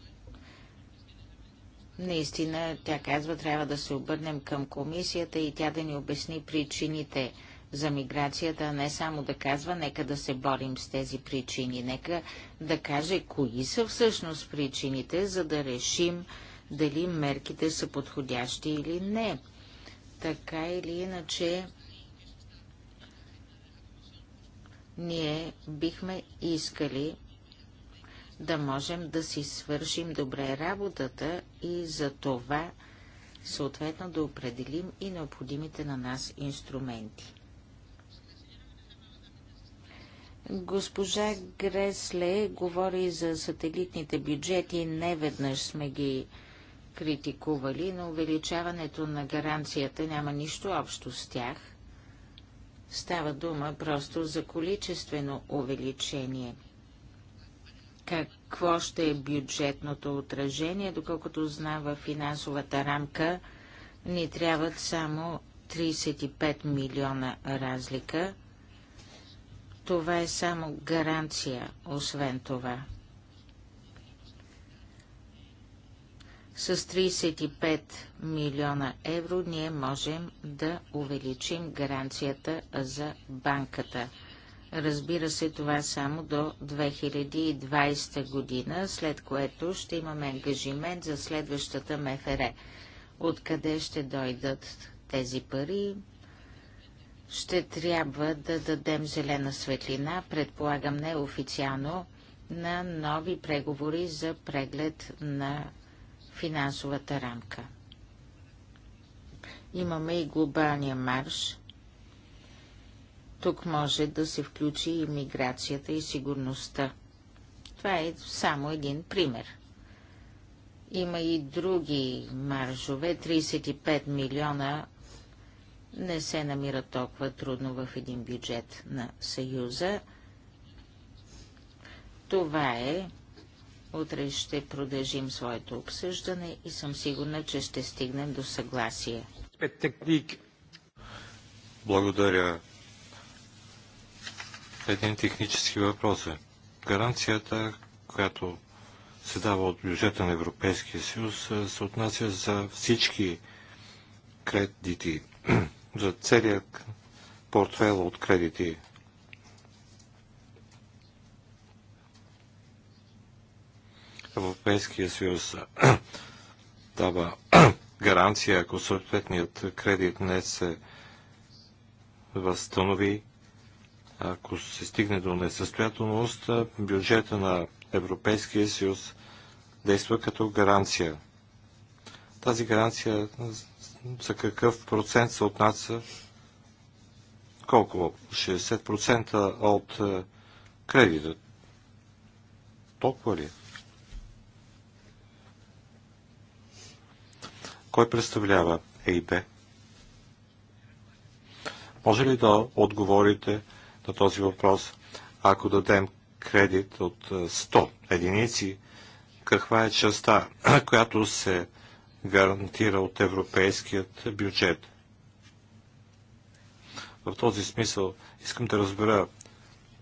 Наистина, тя казва, трябва да се обърнем към комисията и тя да ни обясни причините за миграцията, а не само да казва, нека да се борим с тези причини, нека да каже кои са всъщност причините, за да решим дали мерките са подходящи или не. Така или иначе, ние бихме искали да можем да си свършим добре работата и за това съответно да определим и необходимите на нас инструменти. Госпожа Гресле говори за сателитните бюджети. Не веднъж сме ги критикували, но увеличаването на гаранцията няма нищо общо с тях – Става дума просто за количествено увеличение. Какво ще е бюджетното отражение? Доколкото знам финансовата рамка, ни трябват само 35 милиона разлика. Това е само гаранция, освен това. С 35 милиона евро ние можем да увеличим гаранцията за банката. Разбира се, това само до 2020 година, след което ще имаме ангажимент за следващата МФР. Откъде ще дойдат тези пари? Ще трябва да дадем зелена светлина, предполагам неофициално, на нови преговори за преглед на финансовата рамка. Имаме и глобалния марш. Тук може да се включи и миграцията и сигурността. Това е само един пример. Има и други маржове. 35 милиона не се намира толкова трудно в един бюджет на Съюза. Това е Утре ще продължим своето обсъждане и съм сигурна, че ще стигнем до съгласие. Благодаря. Един технически въпрос е. Гаранцията, която се дава от бюджета на Европейския съюз, е, се отнася за всички кредити, за целият портфел от кредити. Европейския съюз дава гаранция, ако съответният кредит не се възстанови, ако се стигне до несъстоятелност, бюджета на Европейския съюз действа като гаранция. Тази гаранция за какъв процент се отнася? Колко? 60% от е, кредита. Толкова ли? Е? Кой представлява ЕИБ? Може ли да отговорите на този въпрос, ако дадем кредит от 100 е, единици, каква е частта, която се гарантира от европейският бюджет? В този смисъл искам да разбера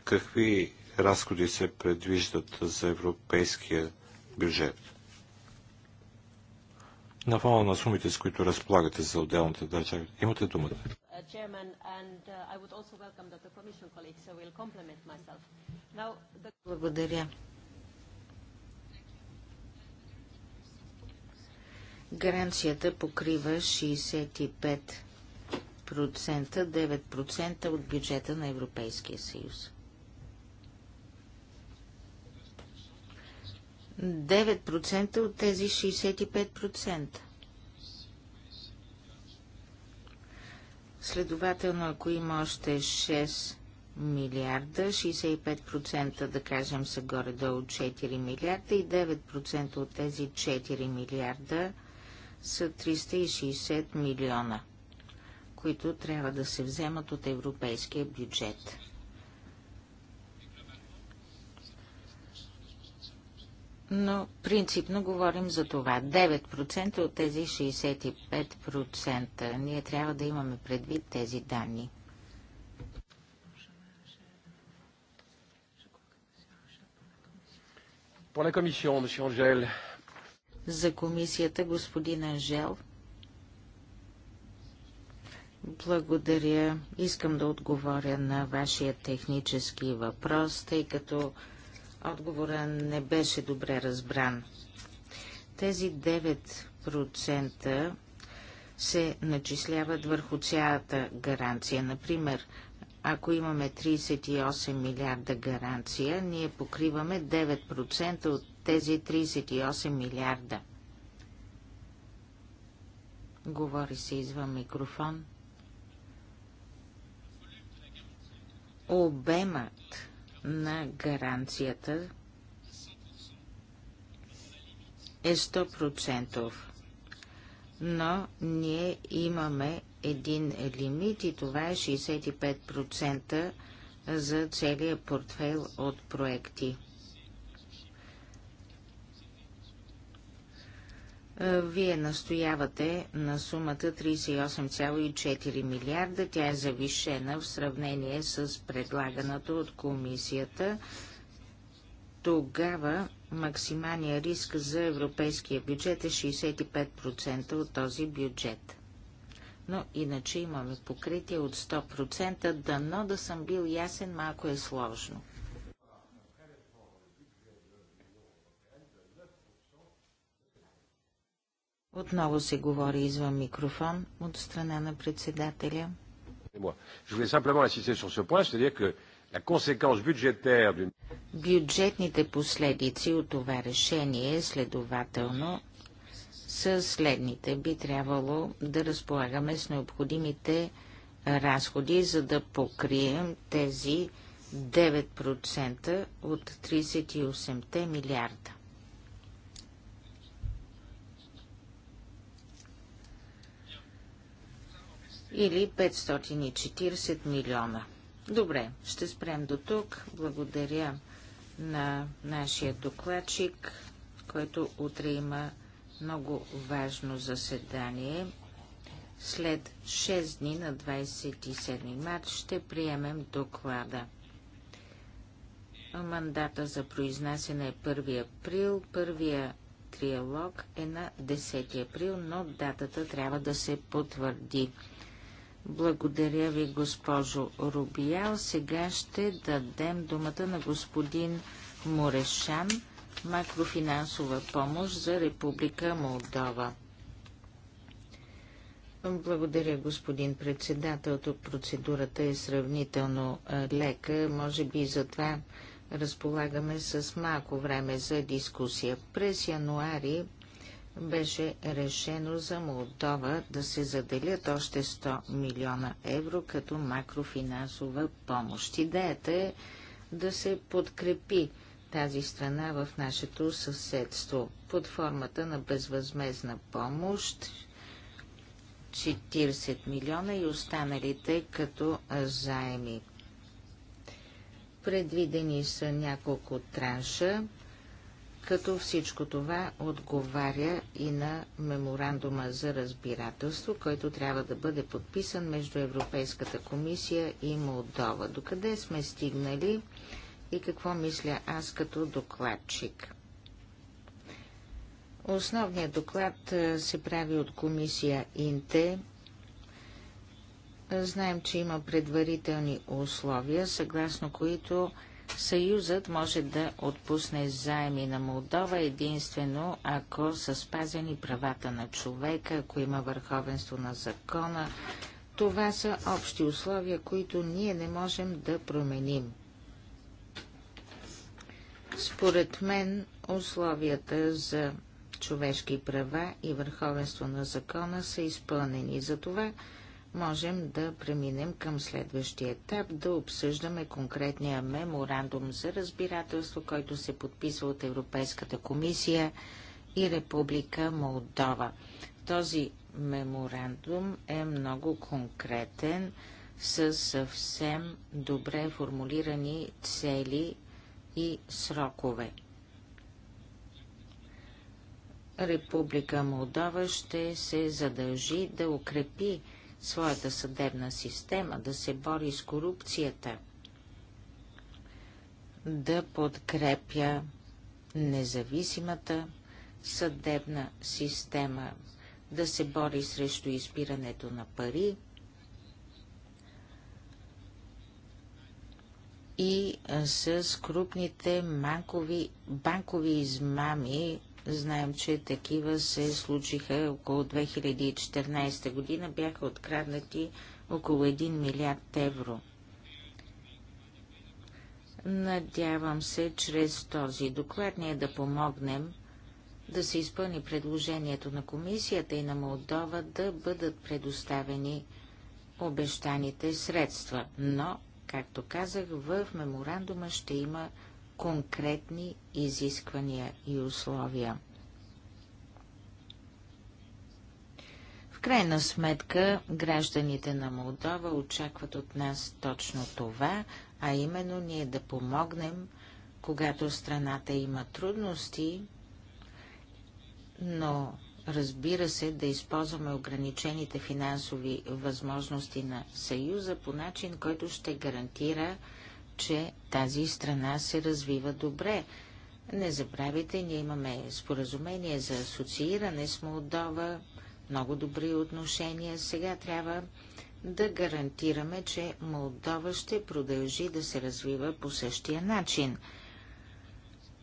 какви разходи се предвиждат за европейския бюджет на фона на сумите, с които разполагате за отделните държави. Имате думата. Uh, uh, Благодаря. Гаранцията покрива 65%, 9% от бюджета на Европейския съюз. 9% от тези 65%. Следователно, ако има още 6 милиарда, 65% да кажем са горе-долу 4 милиарда и 9% от тези 4 милиарда са 360 милиона, които трябва да се вземат от европейския бюджет. но принципно говорим за това. 9% от тези 65%. Ние трябва да имаме предвид тези данни. За комисията, господин Анжел. Благодаря. Искам да отговоря на вашия технически въпрос, тъй като Отговора не беше добре разбран. Тези 9% се начисляват върху цялата гаранция. Например, ако имаме 38 милиарда гаранция, ние покриваме 9% от тези 38 милиарда. Говори се извън микрофон. Обемът на гаранцията е 100%. Но ние имаме един лимит и това е 65% за целия портфейл от проекти. Е, вие настоявате на сумата 38,4 милиарда. Тя е завишена в сравнение с предлаганото от комисията. Тогава максималният риск за европейския бюджет е 65% от този бюджет. Но иначе имаме покритие от 100%. Дано да съм бил ясен, малко е сложно. Отново се говори извън микрофон от страна на председателя. Бюджетните последици от това решение следователно са следните. Би трябвало да разполагаме с необходимите разходи, за да покрием тези 9% от 38 милиарда. или 540 милиона. Добре, ще спрем до тук. Благодаря на нашия докладчик, който утре има много важно заседание. След 6 дни на 27 март ще приемем доклада. Мандата за произнасяне е 1 април. Първия триалог е на 10 април, но датата трябва да се потвърди. Благодаря ви, госпожо Рубиял. Сега ще дадем думата на господин Морешан, макрофинансова помощ за Република Молдова. Благодаря, господин председател. Тук процедурата е сравнително лека. Може би и затова разполагаме с малко време за дискусия. През януари беше решено за Молдова да се заделят още 100 милиона евро като макрофинансова помощ. Идеята е да се подкрепи тази страна в нашето съседство под формата на безвъзмезна помощ 40 милиона и останалите като заеми. Предвидени са няколко транша като всичко това отговаря и на меморандума за разбирателство, който трябва да бъде подписан между Европейската комисия и Молдова. Докъде сме стигнали и какво мисля аз като докладчик? Основният доклад се прави от комисия Инте. Знаем, че има предварителни условия, съгласно които Съюзът може да отпусне заеми на Молдова единствено, ако са спазени правата на човека, ако има върховенство на закона. Това са общи условия, които ние не можем да променим. Според мен, условията за човешки права и върховенство на закона са изпълнени. Затова това можем да преминем към следващия етап, да обсъждаме конкретния меморандум за разбирателство, който се подписва от Европейската комисия и Република Молдова. Този меморандум е много конкретен, с съвсем добре формулирани цели и срокове. Република Молдова ще се задължи да укрепи своята съдебна система, да се бори с корупцията, да подкрепя независимата съдебна система, да се бори срещу изпирането на пари и с крупните банкови, банкови измами, Знаем, че такива се случиха около 2014 година. Бяха откраднати около 1 милиард евро. Надявам се, чрез този доклад ние да помогнем да се изпълни предложението на комисията и на Молдова да бъдат предоставени обещаните средства. Но, както казах, в меморандума ще има конкретни изисквания и условия. В крайна сметка, гражданите на Молдова очакват от нас точно това, а именно ние да помогнем, когато страната има трудности, но разбира се, да използваме ограничените финансови възможности на Съюза по начин, който ще гарантира че тази страна се развива добре. Не забравяйте, ние имаме споразумение за асоцииране с Молдова, много добри отношения. Сега трябва да гарантираме, че Молдова ще продължи да се развива по същия начин.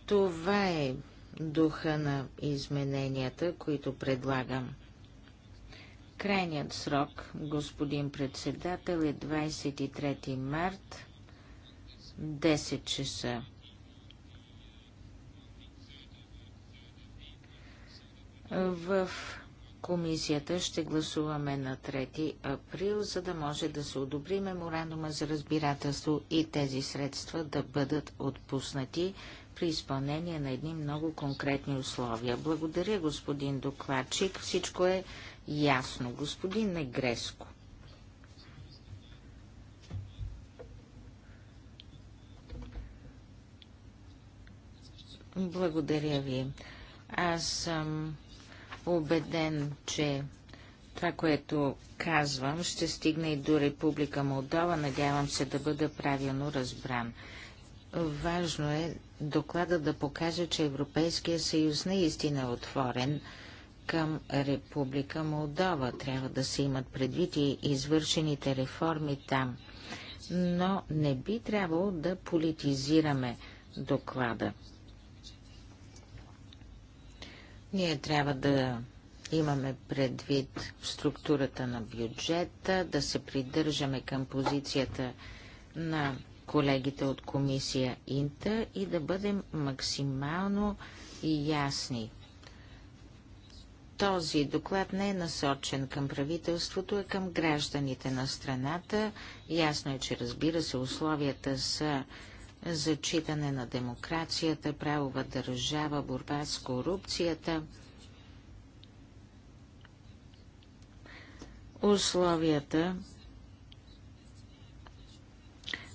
Това е духа на измененията, които предлагам. Крайният срок, господин председател, е 23 март 10 часа. В комисията ще гласуваме на 3 април, за да може да се одобри меморандума за разбирателство и тези средства да бъдат отпуснати при изпълнение на едни много конкретни условия. Благодаря, господин докладчик. Всичко е ясно. Господин Негреско. Благодаря ви. Аз съм убеден, че това, което казвам, ще стигне и до Република Молдова. Надявам се да бъда правилно разбран. Важно е доклада да покаже, че Европейския съюз наистина е отворен към Република Молдова. Трябва да се имат предвид и извършените реформи там. Но не би трябвало да политизираме доклада. Ние трябва да имаме предвид структурата на бюджета, да се придържаме към позицията на колегите от комисия Инта и да бъдем максимално ясни. Този доклад не е насочен към правителството, а към гражданите на страната. Ясно е, че разбира се, условията са зачитане на демокрацията, правова държава, борба с корупцията. Условията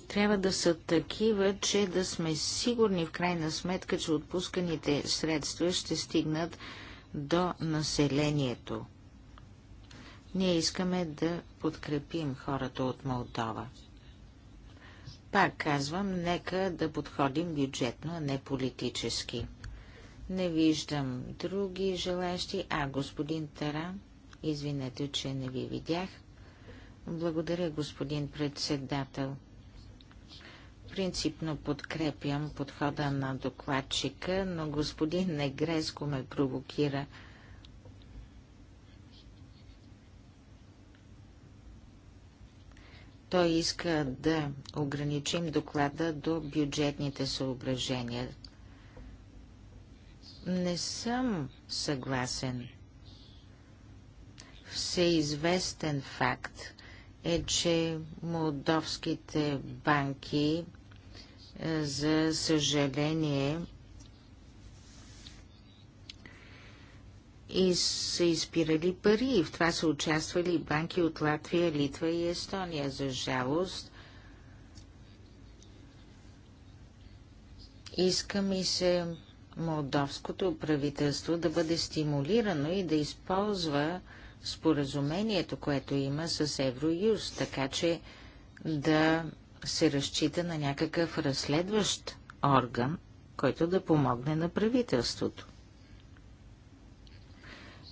трябва да са такива, че да сме сигурни в крайна сметка, че отпусканите средства ще стигнат до населението. Ние искаме да подкрепим хората от Молдова. Пак казвам, нека да подходим бюджетно, а не политически. Не виждам други желащи. А, господин Тара, извинете, че не ви видях. Благодаря, господин председател. Принципно подкрепям подхода на докладчика, но господин Негреско ме провокира – Той иска да ограничим доклада до бюджетните съображения. Не съм съгласен. Всеизвестен факт е, че молдовските банки, е, за съжаление, и са изпирали пари. и В това са участвали банки от Латвия, Литва и Естония. За жалост, иска ми се молдовското правителство да бъде стимулирано и да използва споразумението, което има с Евроюз, така че да се разчита на някакъв разследващ орган, който да помогне на правителството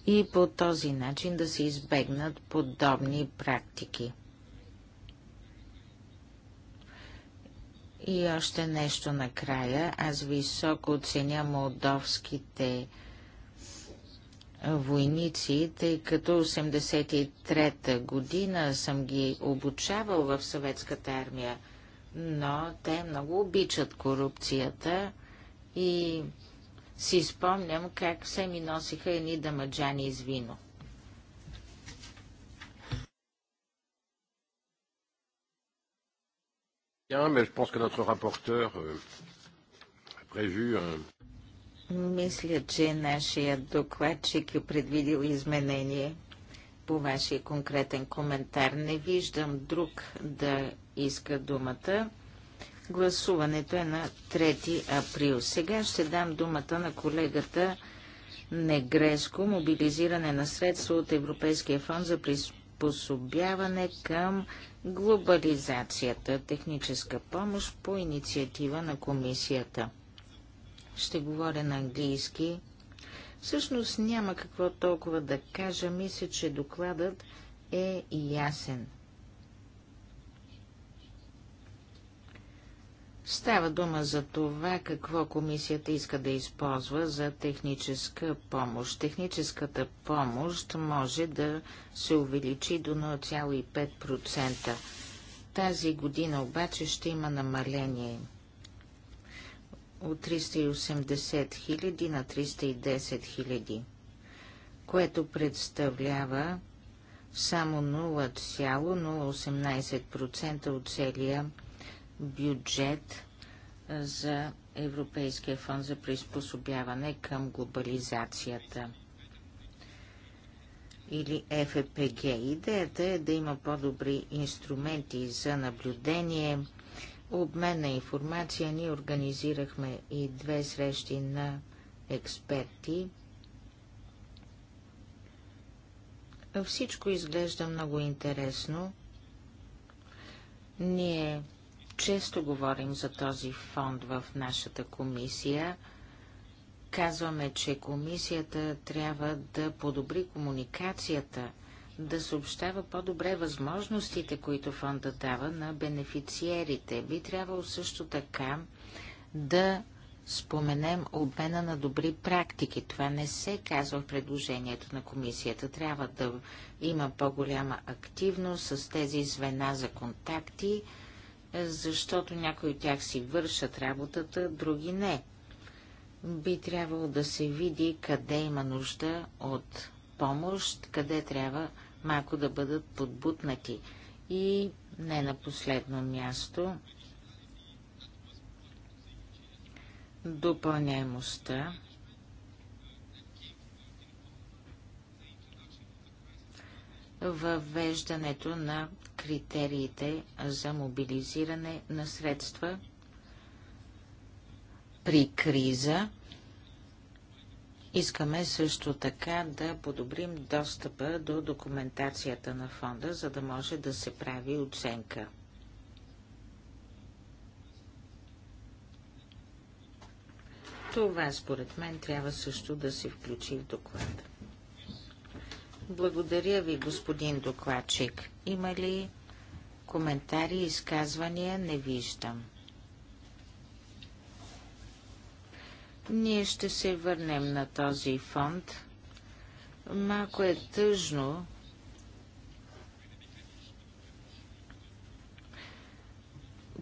и по този начин да се избегнат подобни практики. И още нещо накрая. Аз високо оценя молдовските войници, тъй като 83-та година съм ги обучавал в съветската армия, но те много обичат корупцията и си спомням как се ми носиха едни дамаджани из вино. Euh, Мисля, че нашия докладчик е предвидил изменение по вашия конкретен коментар. Не виждам друг да иска думата. Гласуването е на 3 април. Сега ще дам думата на колегата Негреско мобилизиране на средства от Европейския фонд за приспособяване към глобализацията, техническа помощ по инициатива на комисията. Ще говоря на английски. Всъщност няма какво толкова да кажа. Мисля, че докладът е ясен. Става дума за това, какво комисията иска да използва за техническа помощ. Техническата помощ може да се увеличи до 0,5%. Тази година обаче ще има намаление от 380 хиляди на 310 хиляди, което представлява само 0,018% от целия бюджет за Европейския фонд за приспособяване към глобализацията или ФПГ. Е Идеята е да има по-добри инструменти за наблюдение, обмен на информация. Ние организирахме и две срещи на експерти. Всичко изглежда много интересно. Ние често говорим за този фонд в нашата комисия. Казваме, че комисията трябва да подобри комуникацията, да съобщава по-добре възможностите, които фонда дава на бенефициерите. Би трябвало също така да споменем обмена на добри практики. Това не се казва в предложението на комисията. Трябва да има по-голяма активност с тези звена за контакти, защото някои от тях си вършат работата, други не. Би трябвало да се види къде има нужда от помощ, къде трябва малко да бъдат подбутнати. И не на последно място, допълняемостта. въвеждането на критериите за мобилизиране на средства при криза. Искаме също така да подобрим достъпа до документацията на фонда, за да може да се прави оценка. Това според мен трябва също да се включи в доклада. Благодаря ви, господин докладчик. Има ли коментари, изказвания? Не виждам. Ние ще се върнем на този фонд. Малко е тъжно,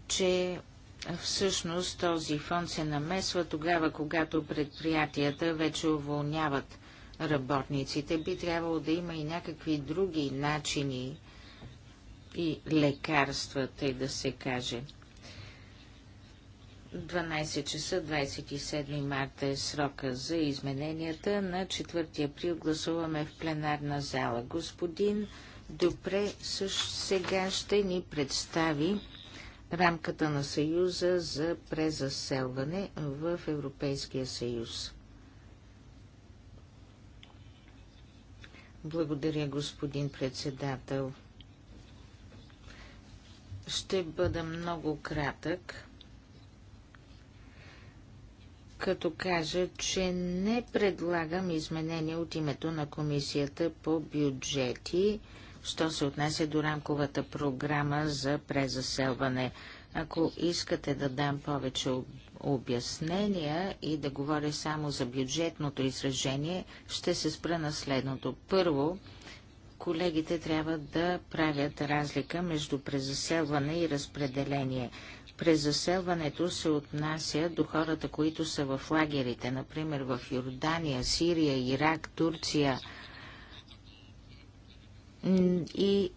че всъщност този фонд се намесва тогава, когато предприятията вече уволняват работниците. Би трябвало да има и някакви други начини и лекарства, тъй да се каже. 12 часа 27 марта е срока за измененията. На 4 април гласуваме в пленарна зала. Господин Допре сега ще ни представи рамката на Съюза за презаселване в Европейския съюз. Благодаря, господин председател. Ще бъда много кратък, като кажа, че не предлагам изменения от името на Комисията по бюджети, що се отнесе до рамковата програма за презаселване. Ако искате да дам повече обяснения и да говоря само за бюджетното изражение, ще се спра на следното. Първо, колегите трябва да правят разлика между презаселване и разпределение. Презаселването се отнася до хората, които са в лагерите, например в Йордания, Сирия, Ирак, Турция и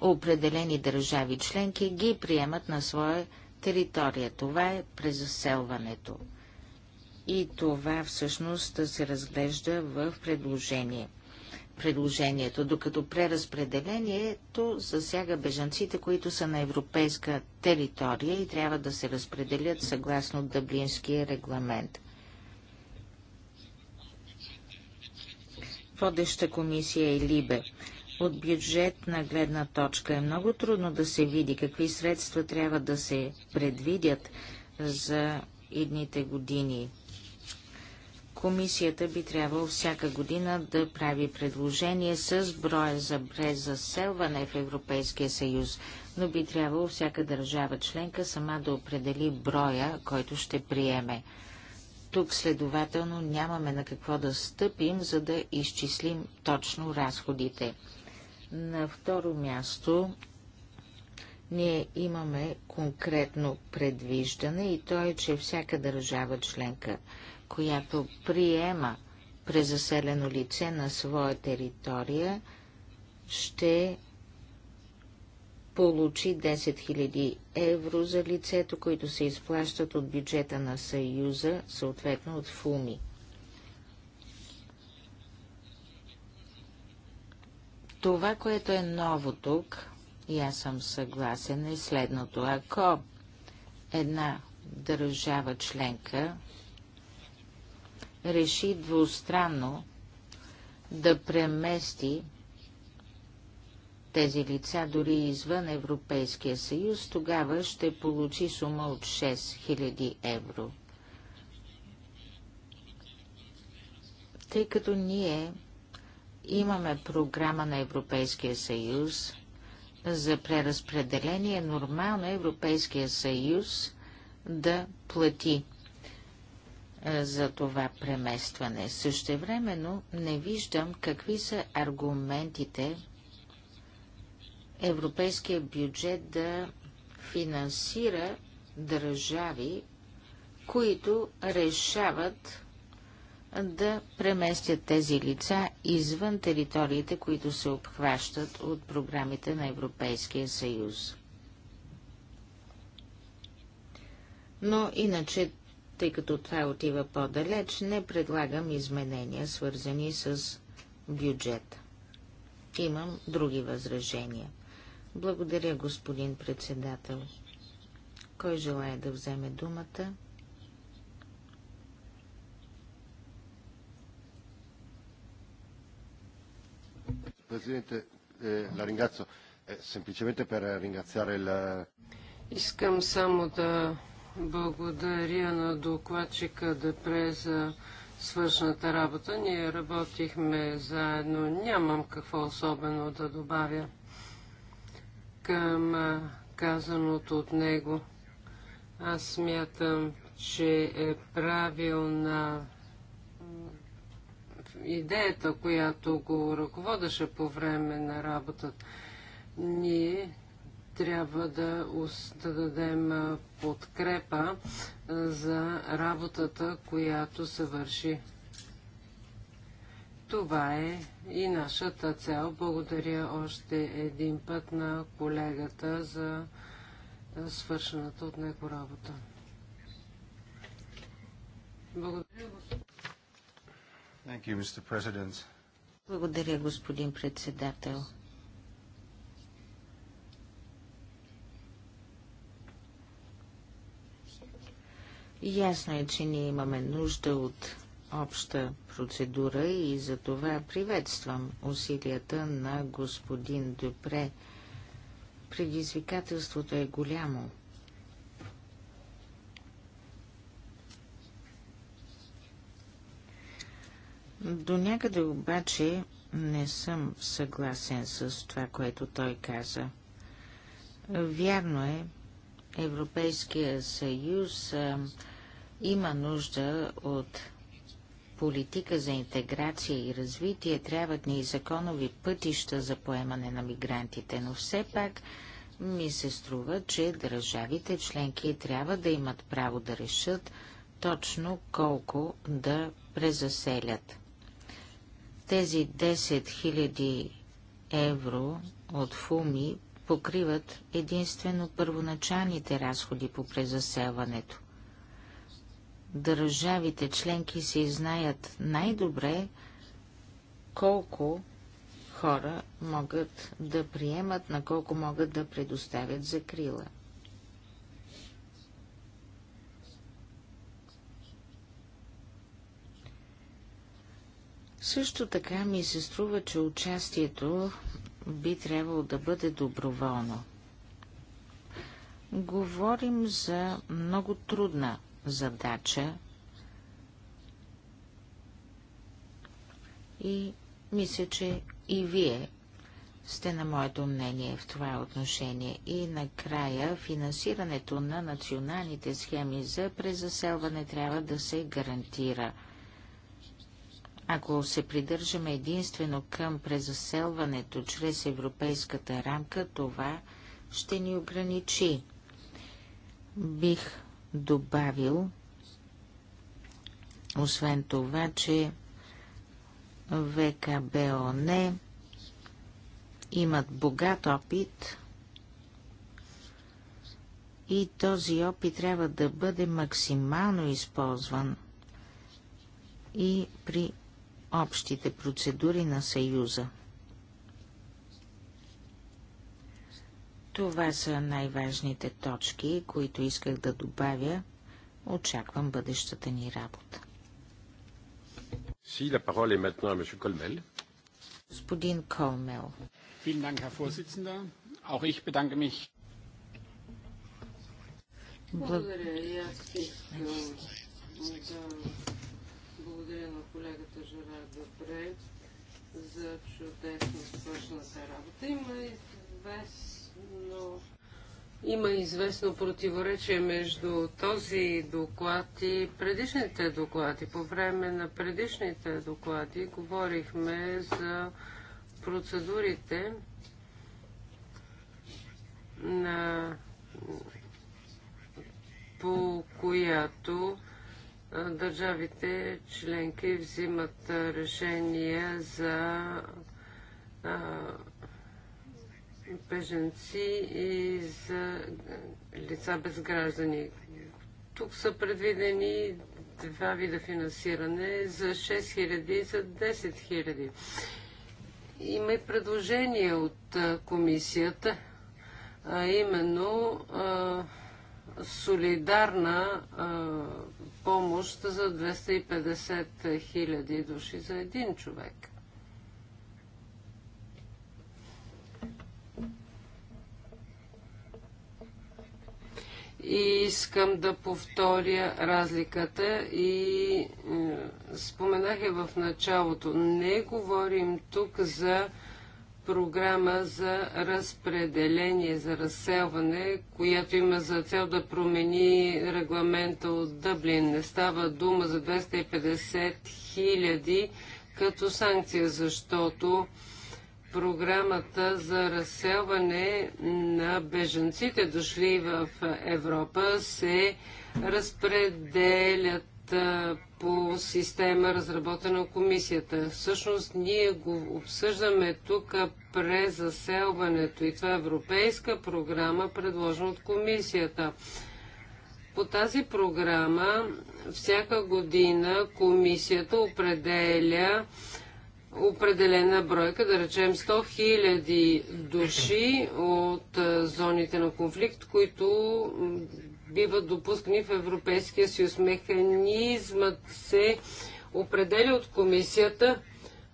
определени държави членки ги приемат на своя територия. Това е презаселването. И това всъщност се разглежда в предложение предложението, докато преразпределението засяга бежанците, които са на европейска територия и трябва да се разпределят съгласно Дъблинския регламент. Водеща комисия е Либе. От бюджетна гледна точка е много трудно да се види какви средства трябва да се предвидят за идните години. Комисията би трябвало всяка година да прави предложение с броя за презаселване заселване в Европейския съюз, но би трябвало всяка държава членка сама да определи броя, който ще приеме. Тук следователно нямаме на какво да стъпим, за да изчислим точно разходите. На второ място ние имаме конкретно предвиждане и то е, че всяка държава членка която приема презаселено лице на своя територия, ще получи 10 000 евро за лицето, които се изплащат от бюджета на Съюза, съответно от ФУМИ. Това, което е ново тук, и аз съм съгласен, е следното. Ако една държава членка реши двустранно да премести тези лица дори извън Европейския съюз, тогава ще получи сума от 6000 евро. Тъй като ние имаме програма на Европейския съюз за преразпределение, нормално е Европейския съюз да плати е, за това преместване. Същевременно не виждам какви са аргументите европейския бюджет да финансира държави, които решават да преместят тези лица извън териториите, които се обхващат от програмите на Европейския съюз. Но иначе тъй като това отива по-далеч, не предлагам изменения, свързани с бюджета. Имам други възражения. Благодаря, господин председател. Кой желая да вземе думата? Е, е, Искам само да благодаря на докладчика Депре за свършната работа. Ние работихме заедно. Нямам какво особено да добавя към казаното от него. Аз смятам, че е правилна идеята, която го ръководеше по време на работата. Ние трябва да, да дадем подкрепа за работата, която се върши. Това е и нашата цел. Благодаря още един път на колегата за свършената от него работа. Благодаря, господин. Благодаря, господин председател. Ясно е, че ние имаме нужда от обща процедура и за това приветствам усилията на господин Дюпре. Предизвикателството е голямо. До някъде обаче не съм съгласен с това, което той каза. Вярно е, Европейския съюз а, има нужда от политика за интеграция и развитие, трябват ни и законови пътища за поемане на мигрантите, но все пак ми се струва, че държавите членки трябва да имат право да решат точно колко да презаселят. Тези 10 000 евро от ФУМИ покриват единствено първоначалните разходи по презаселването държавите членки си знаят най-добре колко хора могат да приемат, на колко могат да предоставят закрила. Също така ми се струва, че участието би трябвало да бъде доброволно. Говорим за много трудна задача и мисля, че и вие сте на моето мнение в това отношение. И накрая финансирането на националните схеми за презаселване трябва да се гарантира. Ако се придържаме единствено към презаселването чрез европейската рамка, това ще ни ограничи. Бих добавил, освен това, че ВКБОН имат богат опит и този опит трябва да бъде максимално използван и при общите процедури на Съюза. Това са най-важните точки, които исках да добавя. Очаквам бъдещата ни работа. Си, Господин Колмел. Благодаря и аз искам да благодаря на колегата Жерар Добре за чудесно свършната работа. Има известно но има известно противоречие между този доклад и предишните доклади. По време на предишните доклади говорихме за процедурите на по която държавите членки взимат решения за а, беженци и за лица без граждани. Тук са предвидени два вида финансиране за 6000 и за 10 000. Има и предложение от комисията, а именно а, солидарна а, помощ за 250 000 души за един човек. И искам да повторя разликата и е, споменах я в началото. Не говорим тук за програма за разпределение, за разселване, която има за цел да промени регламента от Дъблин. Не става дума за 250 хиляди като санкция, защото програмата за разселване на беженците, дошли в Европа, се разпределят по система, разработена от комисията. Всъщност ние го обсъждаме тук през заселването и това е европейска програма, предложена от комисията. По тази програма всяка година комисията определя определена бройка, да речем 100 хиляди души от зоните на конфликт, които биват допускани в Европейския съюз. Механизмът се определя от комисията,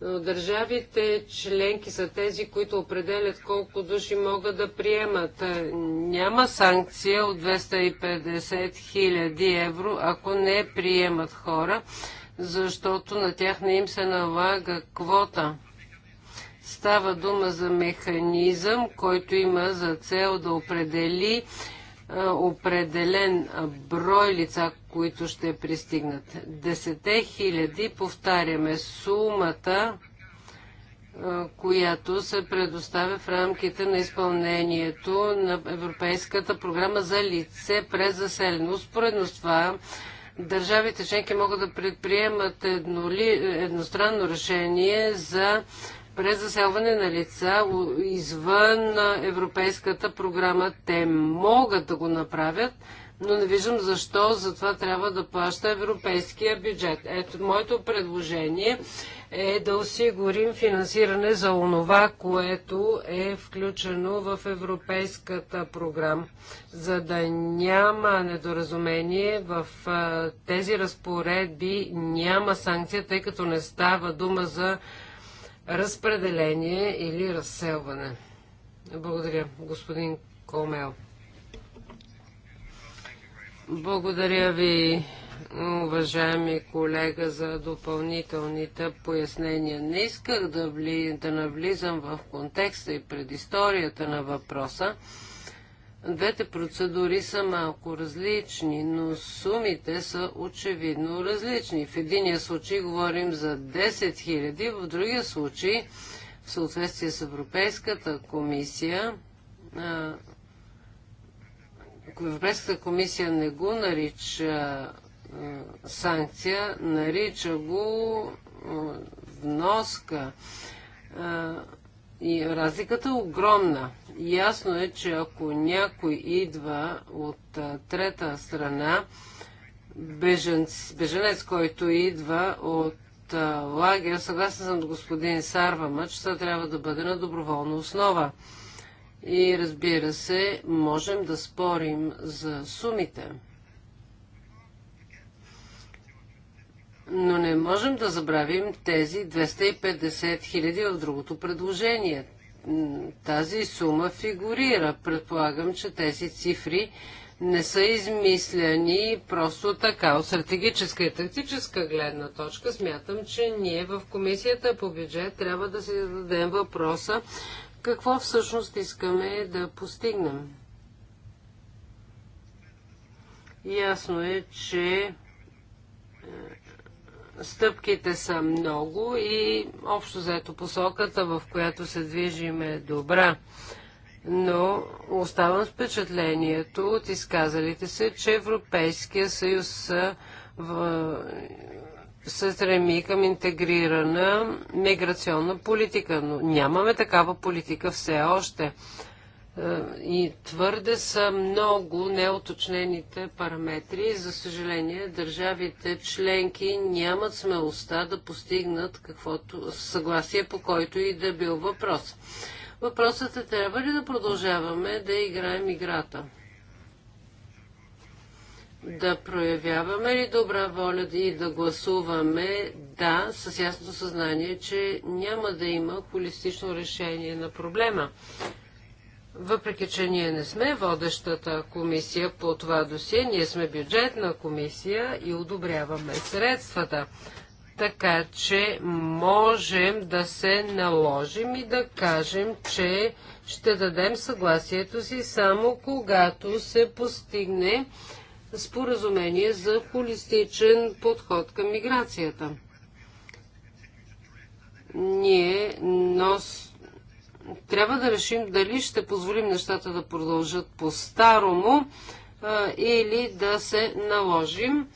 държавите членки са тези, които определят колко души могат да приемат. Няма санкция от 250 000 евро, ако не приемат хора защото на тях не им се налага квота. Става дума за механизъм, който има за цел да определи определен брой лица, които ще пристигнат. Десете хиляди, повтаряме, сумата, която се предоставя в рамките на изпълнението на Европейската програма за лице през заселено. Споредно с това държавите членки могат да предприемат едноли, едностранно решение за презаселване на лица извън Европейската програма. Те могат да го направят, но не виждам защо за това трябва да плаща европейския бюджет. Ето, моето предложение е е да осигурим финансиране за онова, което е включено в Европейската програма. За да няма недоразумение, в тези разпоредби няма санкция, тъй като не става дума за разпределение или разселване. Благодаря, господин Комел. Благодаря ви, уважаеми колега, за допълнителните пояснения. Не исках да, вли, да навлизам в контекста и предисторията на въпроса. Двете процедури са малко различни, но сумите са очевидно различни. В единия случай говорим за 10 000, в другия случай, в съответствие с Европейската комисия, Европейската комисия не го нарича санкция, нарича го вноска. И разликата е огромна. Ясно е, че ако някой идва от трета страна, беженец, беженец който идва от лагер, съгласен съм с господин Сарвама, че това трябва да бъде на доброволна основа. И разбира се, можем да спорим за сумите. Но не можем да забравим тези 250 хиляди в другото предложение. Тази сума фигурира. Предполагам, че тези цифри не са измисляни просто така. От стратегическа и тактическа гледна точка смятам, че ние в Комисията по бюджет трябва да си зададем въпроса какво всъщност искаме да постигнем. Ясно е, че Стъпките са много и общо заето посоката, в която се движим е добра. Но оставам с впечатлението от изказалите се, че Европейския съюз в... се стреми към интегрирана миграционна политика, но нямаме такава политика все още. Е, и твърде са много неоточнените параметри. За съжаление, държавите членки нямат смелостта да постигнат каквото съгласие, по който и да е бил въпрос. Въпросът е, трябва ли да продължаваме да играем играта? Да проявяваме ли добра воля и да гласуваме да, с ясно съзнание, че няма да има холистично решение на проблема. Въпреки, че ние не сме водещата комисия по това досие, ние сме бюджетна комисия и одобряваме средствата. Така че можем да се наложим и да кажем, че ще дадем съгласието си само когато се постигне споразумение за холистичен подход към миграцията. Ние нос трябва да решим дали ще позволим нещата да продължат по-старому или да се наложим.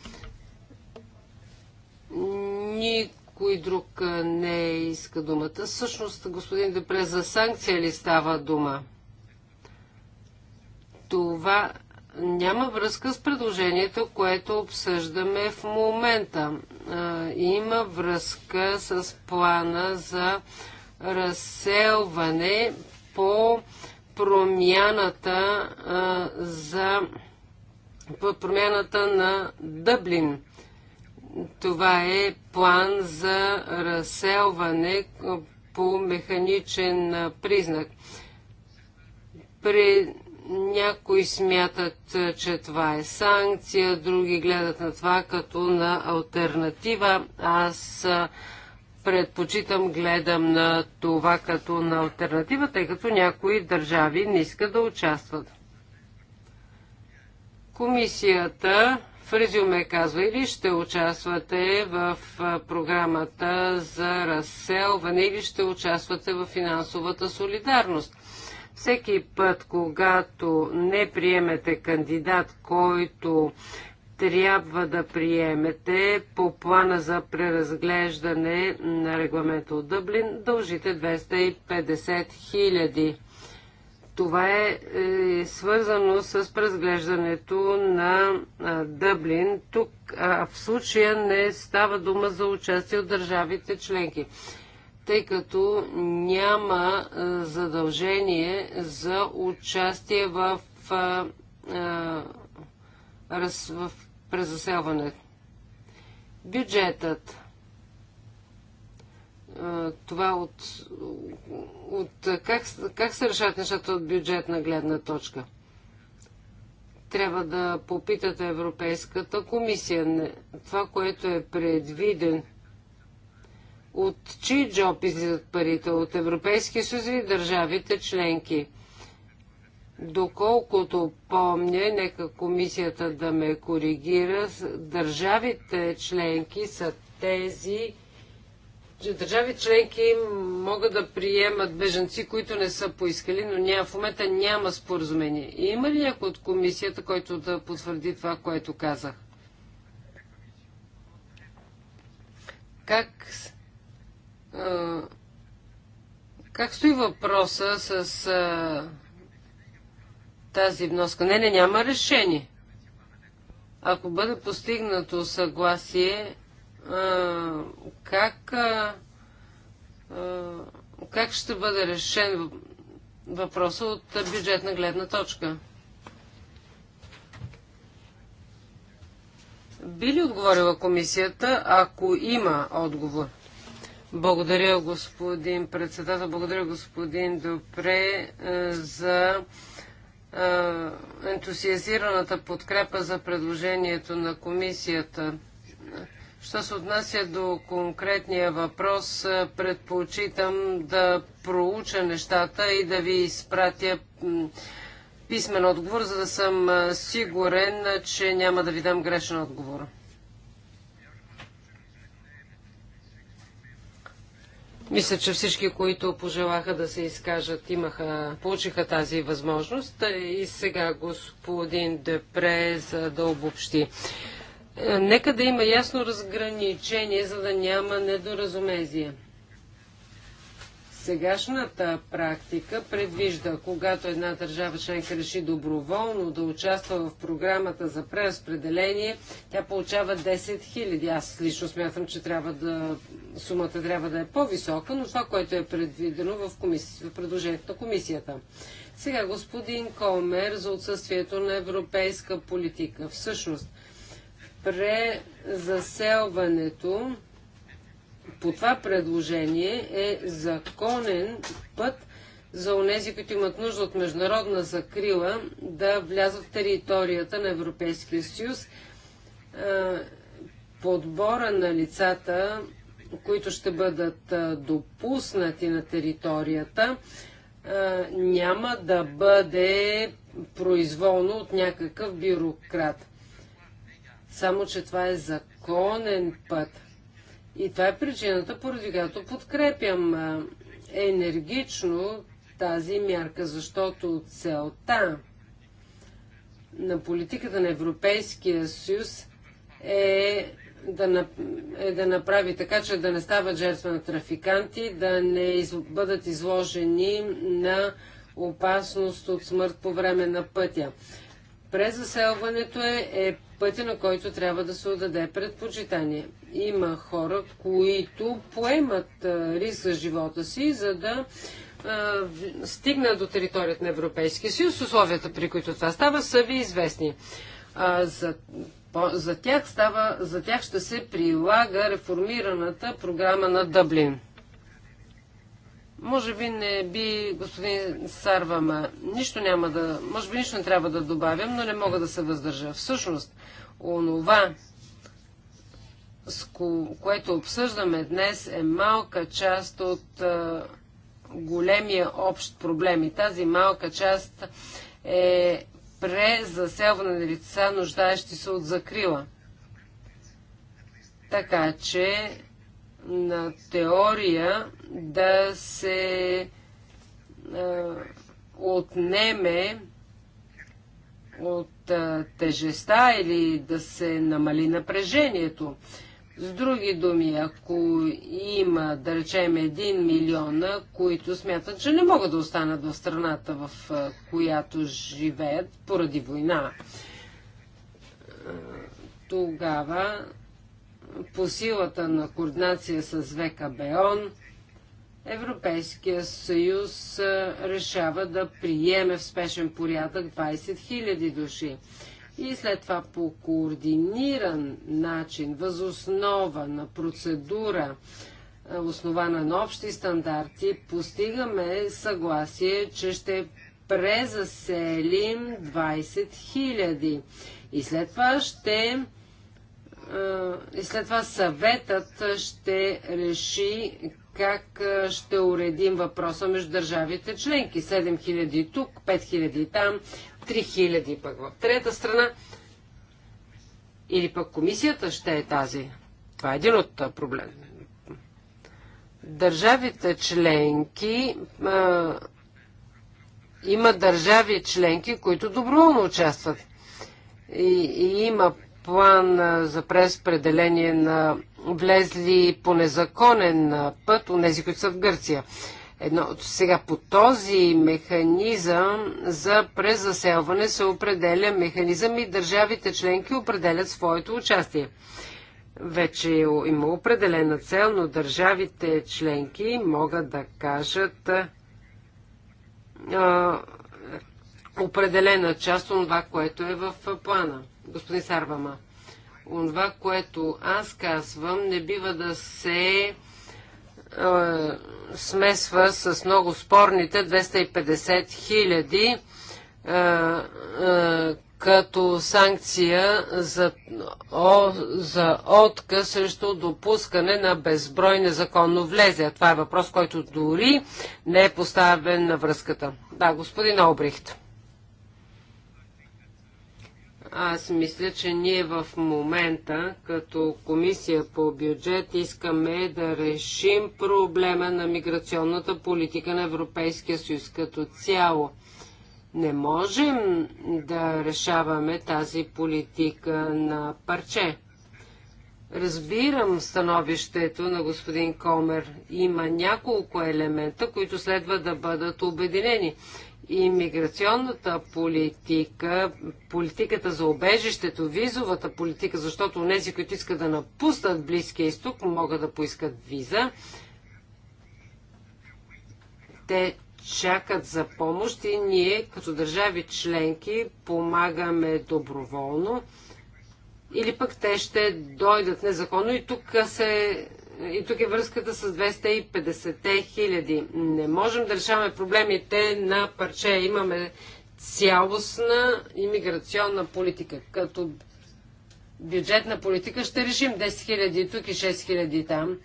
Никой друг не иска думата. Същност, господин Депре, за санкция ли става дума? Това няма връзка с предложението, което обсъждаме в момента. Има връзка с плана за разселване по промяната а, за по промяната на Дъблин. Това е план за разселване по механичен признак. При някои смятат, че това е санкция, други гледат на това като на альтернатива. Аз предпочитам гледам на това като на альтернатива, тъй като някои държави не искат да участват. Комисията в резюме казва или ще участвате в програмата за разселване, или ще участвате в финансовата солидарност. Всеки път, когато не приемете кандидат, който трябва да приемете по плана за преразглеждане на регламента от Дъблин, дължите 250 хиляди. Това е, е, свързано с преразглеждането на а, Дъблин. Тук а, в случая не става дума за участие от държавите членки, тъй като няма а, задължение за участие в раз, в презаселването. Бюджетът. Това от, от как, как се решат нещата от бюджетна гледна точка? Трябва да попитате Европейската комисия. Това, което е предвиден от чий джоб излизат парите? От Европейския съюз и държавите членки – Доколкото помня, нека комисията да ме коригира, държавите членки са тези, държави членки могат да приемат беженци, които не са поискали, но ня, в момента няма споразумение. И има ли някой от комисията, който да потвърди това, което казах? Как, а, как стои въпроса с а, тази вноска. Не, не, няма решение. Ако бъде постигнато съгласие, как, как ще бъде решен въпроса от бюджетна гледна точка? Би ли отговорила комисията, ако има отговор? Благодаря, господин председател. Благодаря, господин Допре, за е, ентусиазираната подкрепа за предложението на комисията. Що се отнася до конкретния въпрос, е, предпочитам да проуча нещата и да ви изпратя писмен отговор, за да съм е, сигурен, че няма да ви дам грешен отговор. Мисля, че всички, които пожелаха да се изкажат, имаха, получиха тази възможност. И сега господин Депре за да обобщи. Е, нека да има ясно разграничение, за да няма недоразумение. Сегашната практика предвижда, когато една държава членка реши доброволно да участва в програмата за преразпределение, тя получава 10 000. Аз лично смятам, че трябва да, сумата трябва да е по-висока, но това, което е предвидено в, комисия, в предложението на комисията. Сега господин Комер за отсъствието на европейска политика. Всъщност, презаселването по това предложение е законен път за онези, които имат нужда от международна закрила, да влязат в територията на Европейския съюз. Е, подбора на лицата, които ще бъдат е, допуснати на територията, е, няма да бъде произволно от някакъв бюрократ. Само, че това е законен път и това е причината, поради която подкрепям енергично тази мярка, защото целта на политиката на Европейския съюз е да, е да направи така, че да не стават жертва на трафиканти, да не из, бъдат изложени на опасност от смърт по време на пътя. Презаселването е, е пътя, на който трябва да се отдаде предпочитание. Има хора, които поемат риск за живота си, за да стигнат до територията на Европейския съюз. Условията, при които това става, са ви известни. А, за, по, за, тях става, за тях ще се прилага реформираната програма на Дъблин. Може би не би, господин Сарвама, нищо няма да, може би нищо не трябва да добавям, но не мога да се въздържа. Всъщност, онова, с ко... което обсъждаме днес, е малка част от а, големия общ проблем. И тази малка част е презаселване на лица, нуждаещи се от закрила. Така че на теория да се а, отнеме от а, тежеста или да се намали напрежението. С други думи, ако има, да речем, 1 милиона, които смятат, че не могат да останат в страната, в която живеят поради война, тогава по силата на координация с ВКБОН, Европейския съюз решава да приеме в спешен порядък 20 000 души. И след това по координиран начин, възоснова на процедура, основана на общи стандарти, постигаме съгласие, че ще презаселим 20 000. И след това ще е, и след това съветът ще реши как е, ще уредим въпроса между държавите членки. 7000 тук, 5000 там, 3000 пък в трета страна. Или пък комисията ще е тази. Това е един от е, проблемите. Държавите членки а, има държави членки, които доброволно участват. И, и има план за преразпределение на влезли по незаконен път, от тези, които са в Гърция. Едно, сега по този механизъм за презаселване се определя механизъм и държавите членки определят своето участие. Вече е има определена цел, но държавите членки могат да кажат а, определена част от това, което е в плана господин Сарвама. Онова, което аз казвам, не бива да се смесва с много спорните 250 хиляди като санкция за, о, за отказ срещу допускане на безброй незаконно влезе. Това е въпрос, който дори не е поставен на връзката. Да, господин Обрихт. Аз мисля, че ние в момента, като комисия по бюджет, искаме да решим проблема на миграционната политика на Европейския съюз като цяло. Не можем да решаваме тази политика на парче. Разбирам становището на господин Комер. Има няколко елемента, които следва да бъдат обединени имиграционната политика, политиката за обежището, визовата политика, защото тези, които искат да напуснат Близкия изток, могат да поискат виза. Те чакат за помощ и ние като държави членки помагаме доброволно или пък те ще дойдат незаконно и тук се и тук е връзката с 250 хиляди. Не можем да решаваме проблемите на парче. Имаме цялостна иммиграционна политика. Като бюджетна политика ще решим 10 хиляди тук и 6 хиляди там.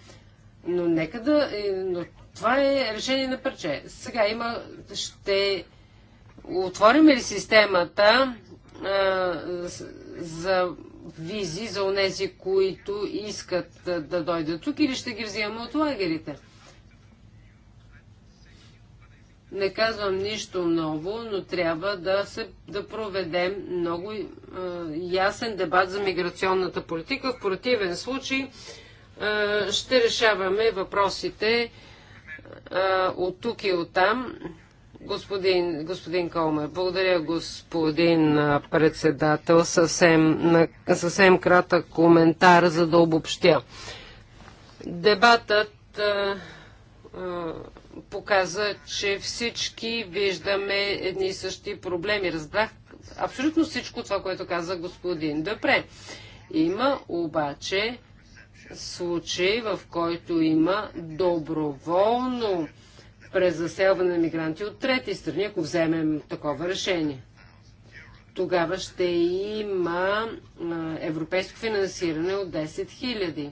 Но нека да... Е, но това е решение на парче. Сега има... Ще отворим ли системата а, за визи за унези, които искат да дойдат тук или ще ги взема от лагерите. Не казвам нищо ново, но трябва да, се, да проведем много е, ясен дебат за миграционната политика. В противен случай е, ще решаваме въпросите е, от тук и от там. Господин, господин Колме, благодаря господин председател. Съвсем, на, съвсем кратък коментар, за да обобщя. Дебатът а, а, показа, че всички виждаме едни и същи проблеми. Разбрах абсолютно всичко това, което каза господин Депре. Има обаче случай, в който има доброволно през заселване на мигранти от трети страни, ако вземем такова решение. Тогава ще има европейско финансиране от 10 000.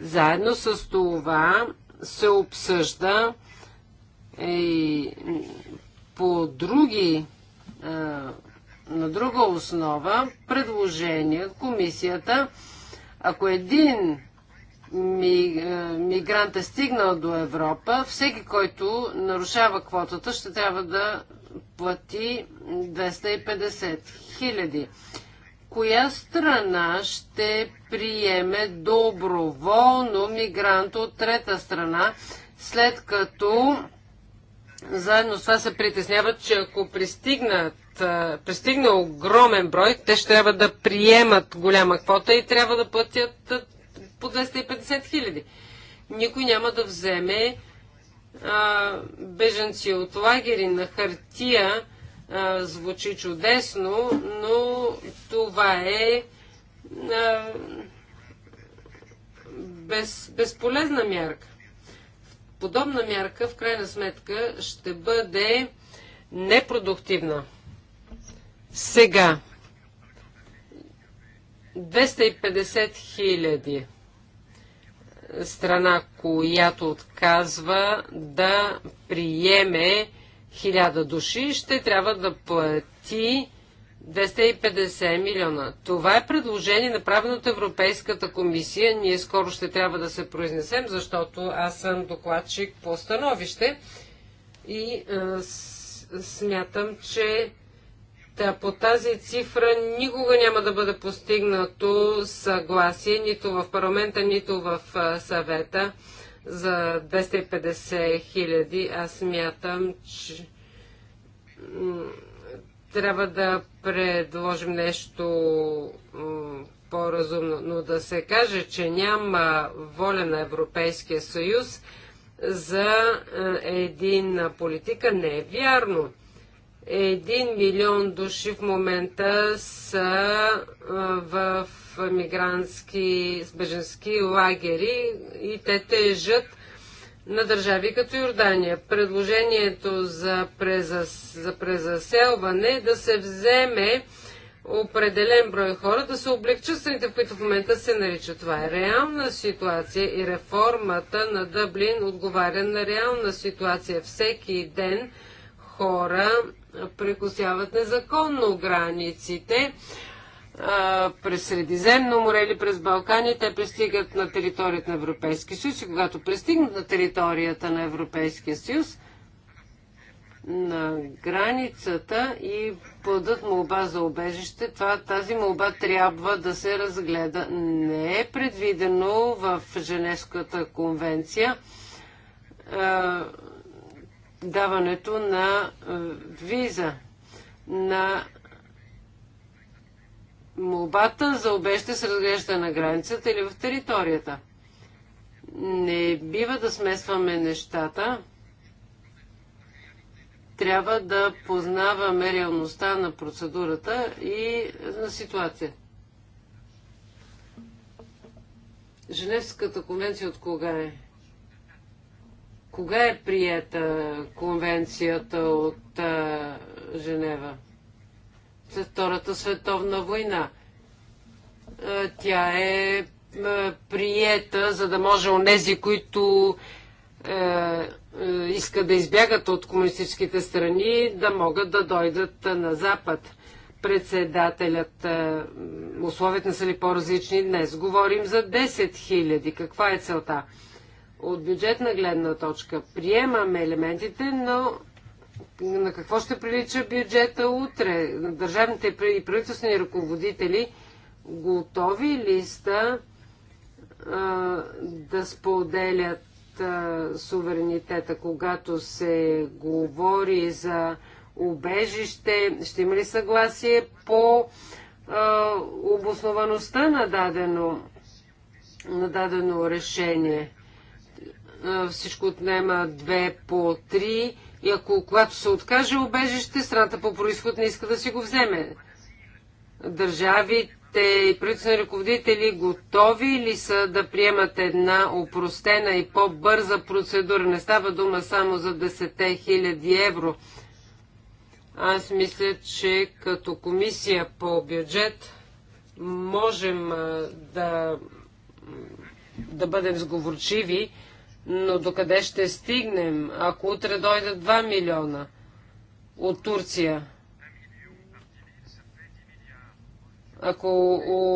Заедно с това се обсъжда и е, по други, на друга основа предложение комисията, ако един ми, е, мигрант е стигнал до Европа, всеки, който нарушава квотата, ще трябва да плати 250 хиляди. Коя страна ще приеме доброволно мигрант от трета страна, след като заедно с това се притесняват, че ако пристигнат, е, пристигна огромен брой, те ще трябва да приемат голяма квота и трябва да платят по 250 хиляди. Никой няма да вземе а, беженци от лагери на хартия. А, звучи чудесно, но това е а, без, безполезна мярка. Подобна мярка, в крайна сметка, ще бъде непродуктивна. Сега. 250 хиляди страна, която отказва да приеме 1000 души, ще трябва да плати 250 милиона. Това е предложение направено от Европейската комисия. Ние скоро ще трябва да се произнесем, защото аз съм докладчик по становище и смятам, че по тази цифра никога няма да бъде постигнато съгласие, нито в парламента, нито в съвета за 250 хиляди. Аз мятам, че трябва да предложим нещо по-разумно, но да се каже, че няма воля на Европейския съюз за един политика не е вярно. Един милион души в момента са в мигрантски, беженски лагери и те тежат на държави като Йордания. Предложението за, презас, за презаселване е да се вземе определен брой хора, да се облегчат страните, в които в момента се нарича. Това е реална ситуация и реформата на Дъблин отговаря на реална ситуация. Всеки ден хора прекусяват незаконно границите през Средиземно море или през Балкани, те пристигат на територията на Европейския съюз и когато пристигнат на територията на Европейския съюз, на границата и подат молба за обежище, това, тази молба трябва да се разгледа. Не е предвидено в Женевската конвенция даването на е, виза, на молбата за обеща с разглежда на границата или в територията. Не бива да смесваме нещата. Трябва да познаваме реалността на процедурата и на ситуация. Женевската конвенция от кога е? кога е прията конвенцията от а, Женева? След Втората световна война. А, тя е а, приета, за да може онези, които е, е, искат да избягат от комунистическите страни, да могат да дойдат на Запад. Председателят, е, условията са ли по-различни днес? Говорим за 10 000. Каква е целта? От бюджетна гледна точка приемаме елементите, но на какво ще прилича бюджета утре? Държавните и правителствени ръководители готови ли са да споделят суверенитета, когато се говори за убежище, ще има ли съгласие по обосноваността на дадено, на дадено решение? всичко отнема две по три и ако когато се откаже обежище, страната по происход не иска да си го вземе. Държавите и правителствени ръководители готови ли са да приемат една опростена и по-бърза процедура? Не става дума само за 10 000 евро. Аз мисля, че като комисия по бюджет можем да, да бъдем сговорчиви но докъде ще стигнем, ако утре дойдат 2 милиона от Турция? Ако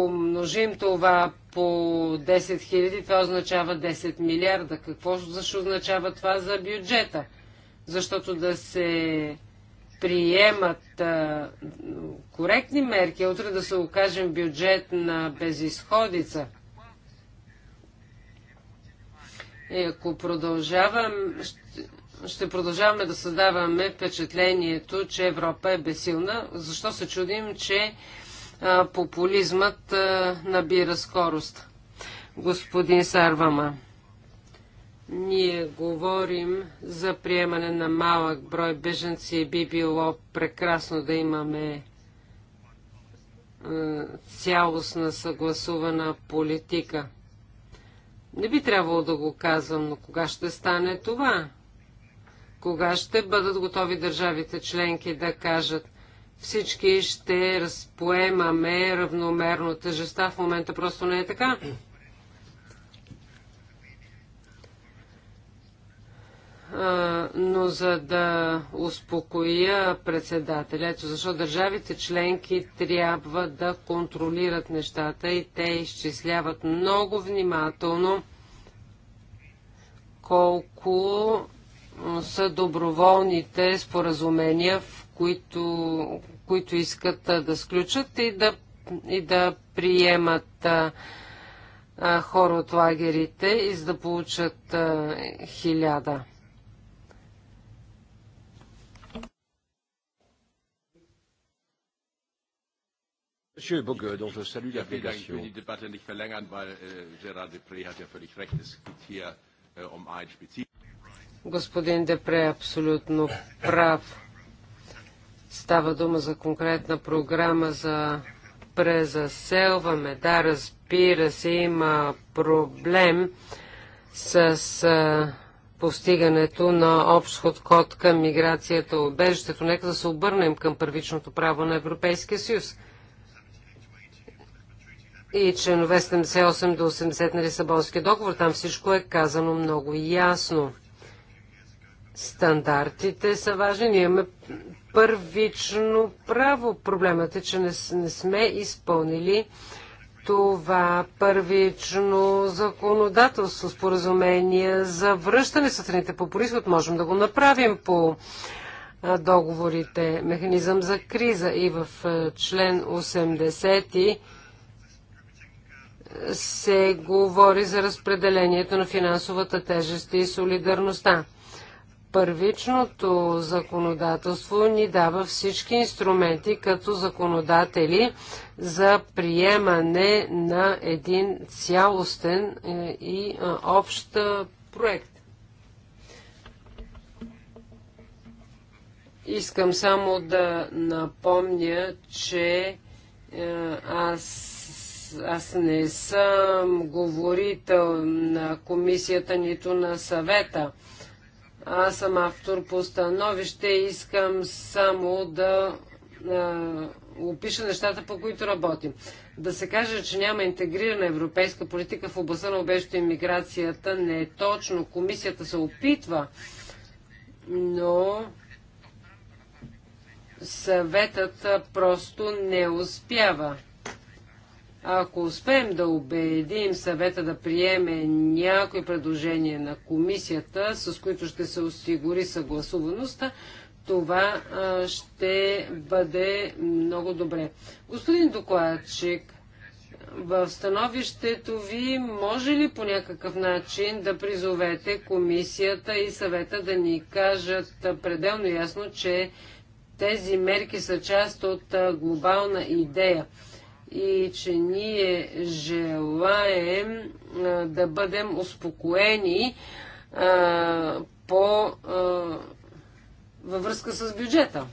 умножим това по 10 000, това означава 10 милиарда. Какво защо означава това за бюджета? Защото да се приемат а, коректни мерки, утре да се окажем бюджет на безисходица. И ако продължавам, ще продължаваме да създаваме впечатлението, че Европа е бесилна, защо се чудим, че а, популизмът а, набира скорост? Господин Сарвама, ние говорим за приемане на малък брой беженци. Би било прекрасно да имаме а, цялостна съгласувана политика не би трябвало да го казвам, но кога ще стане това? Кога ще бъдат готови държавите членки да кажат, всички ще разпоемаме равномерно тежеста. В момента просто не е така. но за да успокоя председателя, ето защо държавите членки трябва да контролират нещата и те изчисляват много внимателно колко са доброволните споразумения, в които, които искат да сключат и да, и да приемат хора от лагерите и за да получат хиляда. Monsieur Bogue, dont je salue l'appellation. Ich äh, äh, um Господин Депре е абсолютно прав. Става дума за конкретна програма за презаселване. Да, разбира се, има проблем с постигането на общ ход към миграцията и обежището. Нека да се обърнем към първичното право на Европейския съюз и членове 78 до 80 на Лисабонския договор. Там всичко е казано много ясно. Стандартите са важни. Ние имаме първично право. Проблемът е, че не, не сме изпълнили това първично законодателство, споразумение за връщане с страните по происход. Можем да го направим по договорите механизъм за криза и в член 80 се говори за разпределението на финансовата тежест и солидарността. Първичното законодателство ни дава всички инструменти като законодатели за приемане на един цялостен е, и общ проект. Искам само да напомня, че е, аз аз не съм говорител на комисията, нито на съвета. Аз съм автор по становище и искам само да а, опиша нещата, по които работим. Да се каже, че няма интегрирана европейска политика в областта на обещето и миграцията не е точно. Комисията се опитва, но съветът просто не успява. Ако успеем да убедим съвета да приеме някои предложения на комисията, с които ще се осигури съгласуваността, това ще бъде много добре. Господин докладчик, в становището ви може ли по някакъв начин да призовете комисията и съвета да ни кажат пределно ясно, че тези мерки са част от глобална идея? и че ние желаем а, да бъдем успокоени а, по, а, във връзка с бюджета.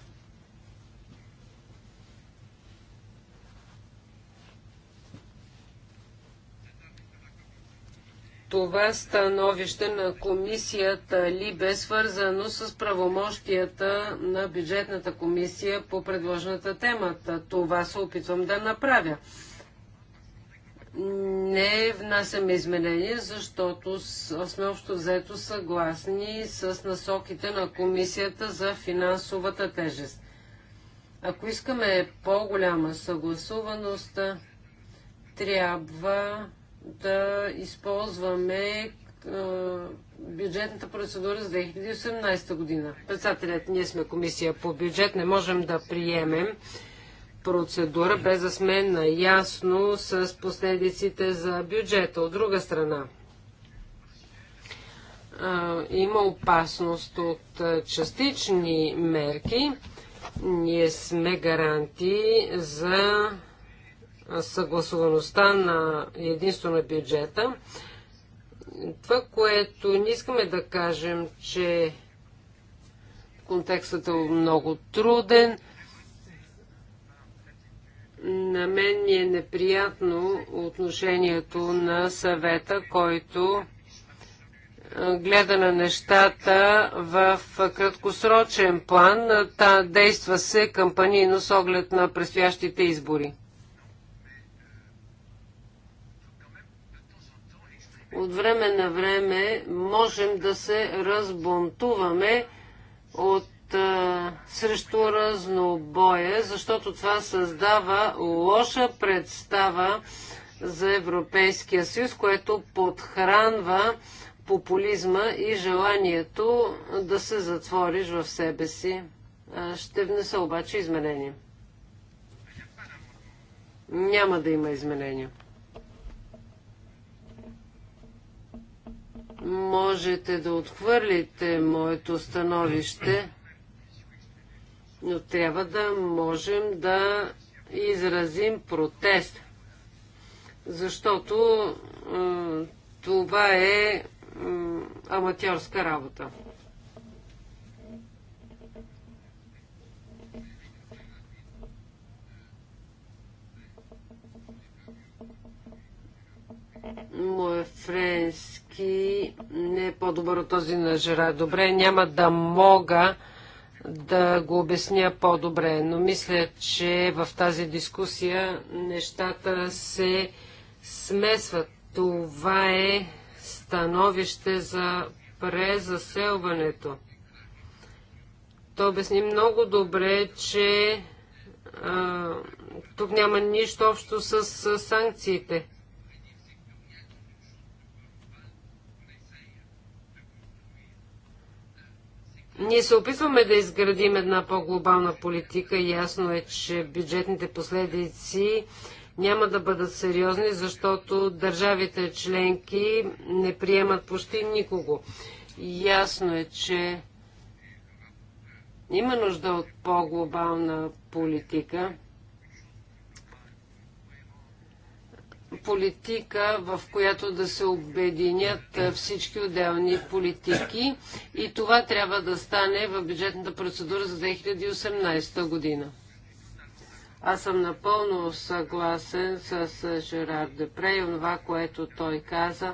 това становище на комисията бе свързано с правомощията на бюджетната комисия по предложената темата. Това се опитвам да направя. Не внасяме изменения, защото сме общо взето съгласни с насоките на комисията за финансовата тежест. Ако искаме по-голяма съгласуваност, трябва да използваме бюджетната процедура за 2018 година. Председателят, ние сме комисия по бюджет, не можем да приемем процедура, без да сме наясно с последиците за бюджета. От друга страна, има опасност от частични мерки. Ние сме гаранти за съгласуваността на единство на е бюджета. Това, което не искаме да кажем, че контекстът е много труден, на мен ми е неприятно отношението на съвета, който гледа на нещата в краткосрочен план. Та действа се кампанийно с оглед на предстоящите избори. от време на време можем да се разбунтуваме от, а, срещу разнобоя, защото това създава лоша представа за Европейския съюз, което подхранва популизма и желанието да се затвориш в себе си. Ще внеса обаче изменения. Няма да има изменения. можете да отхвърлите моето становище, но трябва да можем да изразим протест, защото това е аматьорска работа. Моят френски английски не е по-добър от този на Жера. Добре, няма да мога да го обясня по-добре, но мисля, че в тази дискусия нещата се смесват. Това е становище за презаселването. То обясни много добре, че а, тук няма нищо общо с, с санкциите. Ние се опитваме да изградим една по-глобална политика. Ясно е, че бюджетните последици няма да бъдат сериозни, защото държавите членки не приемат почти никого. Ясно е, че има нужда от по-глобална политика. политика, в която да се обединят е, всички отделни политики и това трябва да стане в бюджетната процедура за 2018 година. Аз съм напълно съгласен с е, Жерар Депре и това, което той каза.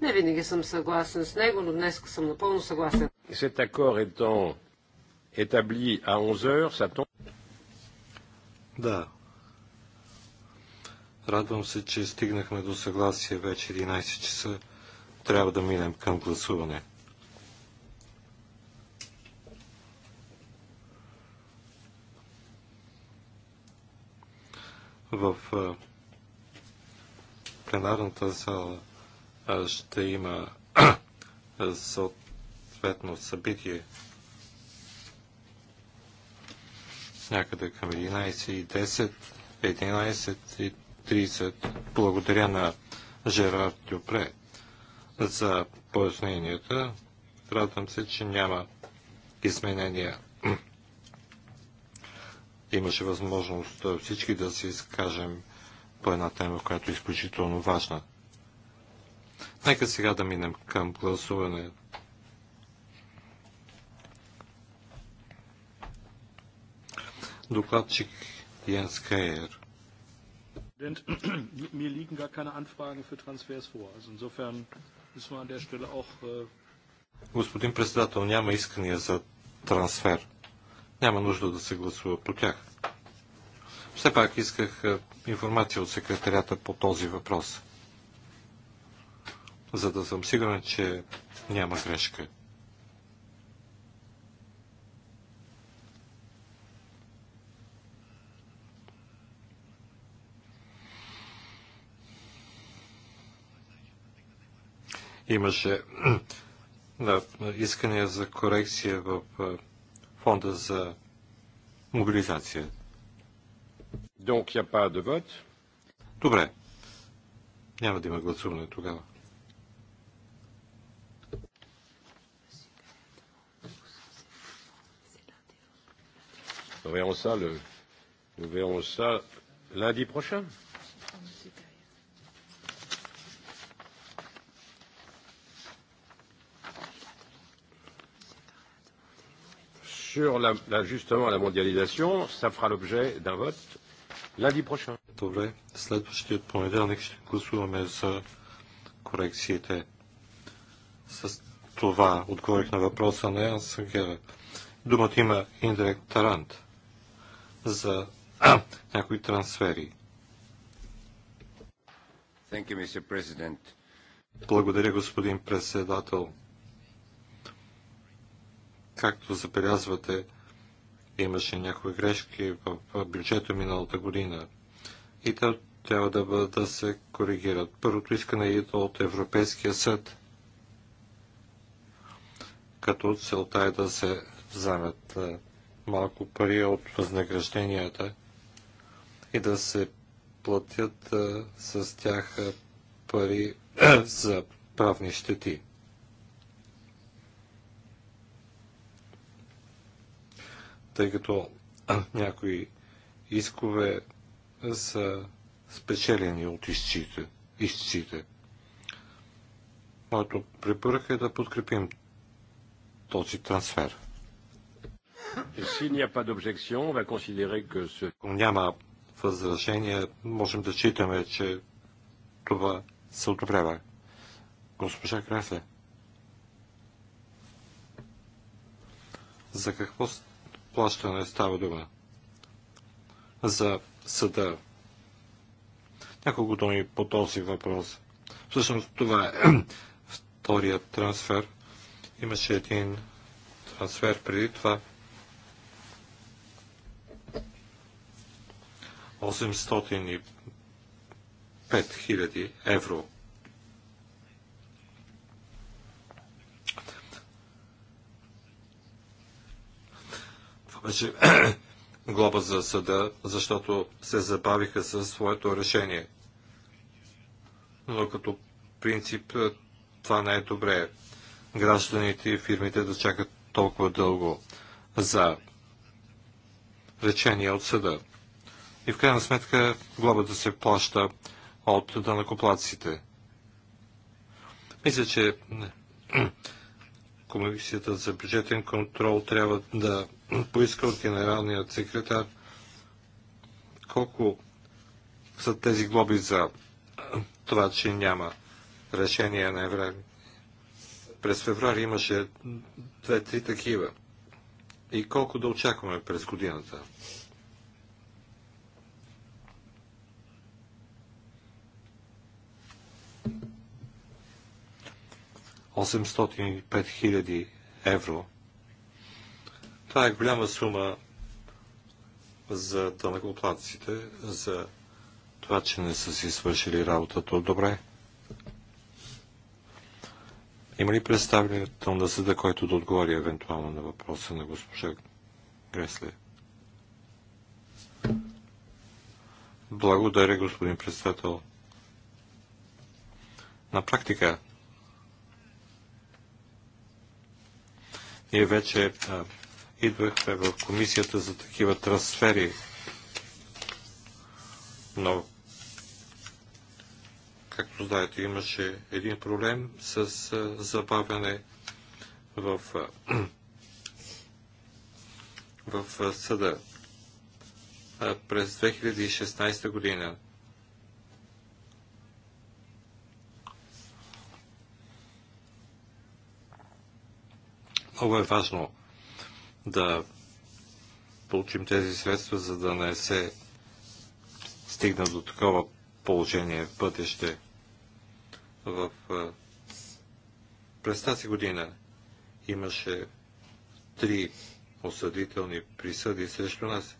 Не винаги съм съгласен с него, но днес съм напълно съгласен. Cet accord étant établi à 11 heures, ça tombe... Да, Радвам се, че стигнахме до съгласие вече 11 часа. Трябва да минем към гласуване. В пленарната зала ще има съответно събитие някъде към 11 и 10, 11 и 30. Благодаря на Жерар Дюпре за поясненията. Радвам се, че няма изменения. Имаше възможност всички да се изкажем по една тема, която е изключително важна. Нека сега да минем към гласуване. Докладчик Янс Хейер. Präsident, mir liegen gar keine Anfragen für Transfers vor. Also insofern müssen wir an der Stelle auch. Äh, Господин председател, няма искания за трансфер. Няма нужда да се гласува по тях. Все пак исках е, информация от секретарята по този въпрос, за да съм сигурен, че няма грешка. Имаше да, искания за корекция в фонда за мобилизация. Donc, y a pas de vote. Добре. Няма да има гласуване тогава. Nous verrons ça, le, nous verrons ça lundi prochain. sur la, la, justement la mondialisation, ça fera l'objet d'un vote lundi prochain. Добре, следващият понеделник ще гласуваме за корекциите. С това отговорих на въпроса на Ян Сангера. Думата има Индрек Тарант за някои трансфери. Благодаря, господин председател. Както забелязвате, имаше някои грешки в бюджета миналата година и те трябва да, бъдат, да се коригират. Първото искане е от Европейския съд, като целта е да се вземат малко пари от възнагражденията и да се платят с тях пари за правни щети. тъй като някои искове са спечелени от изците. изците. Моето препоръка е да подкрепим този трансфер. Ако няма възражение, можем да считаме, че това се одобрява. Госпожа Крафе, за какво плащане става дума за съда. Няколко думи по този въпрос. Всъщност това е вторият трансфер. Имаше един трансфер преди това. 805 000 евро беше значи, глоба за съда, защото се забавиха със своето решение. Но като принцип е, това не е добре. Гражданите и фирмите да чакат толкова дълго за речение от съда. И в крайна сметка глобата се плаща от данакоплаците. Мисля, че Комисията за бюджетен контрол трябва да поиска от генералният секретар колко са тези глоби за това, че няма решение на евреи. През феврари имаше две-три такива. И колко да очакваме през годината? Осемстотин хиляди евро – това е голяма сума за тънакоплатците, за това, че не са си свършили работата добре. Има ли представител на съда, който да отговори евентуално на въпроса на госпожа Гресле? Благодаря, господин председател. На практика ние вече идвахме в комисията за такива трансфери. Но, както знаете, имаше един проблем с забавяне в, в съда през 2016 година. Много е важно да получим тези средства, за да не се стигна до такова положение в бъдеще. В, през тази година имаше три осъдителни присъди срещу нас.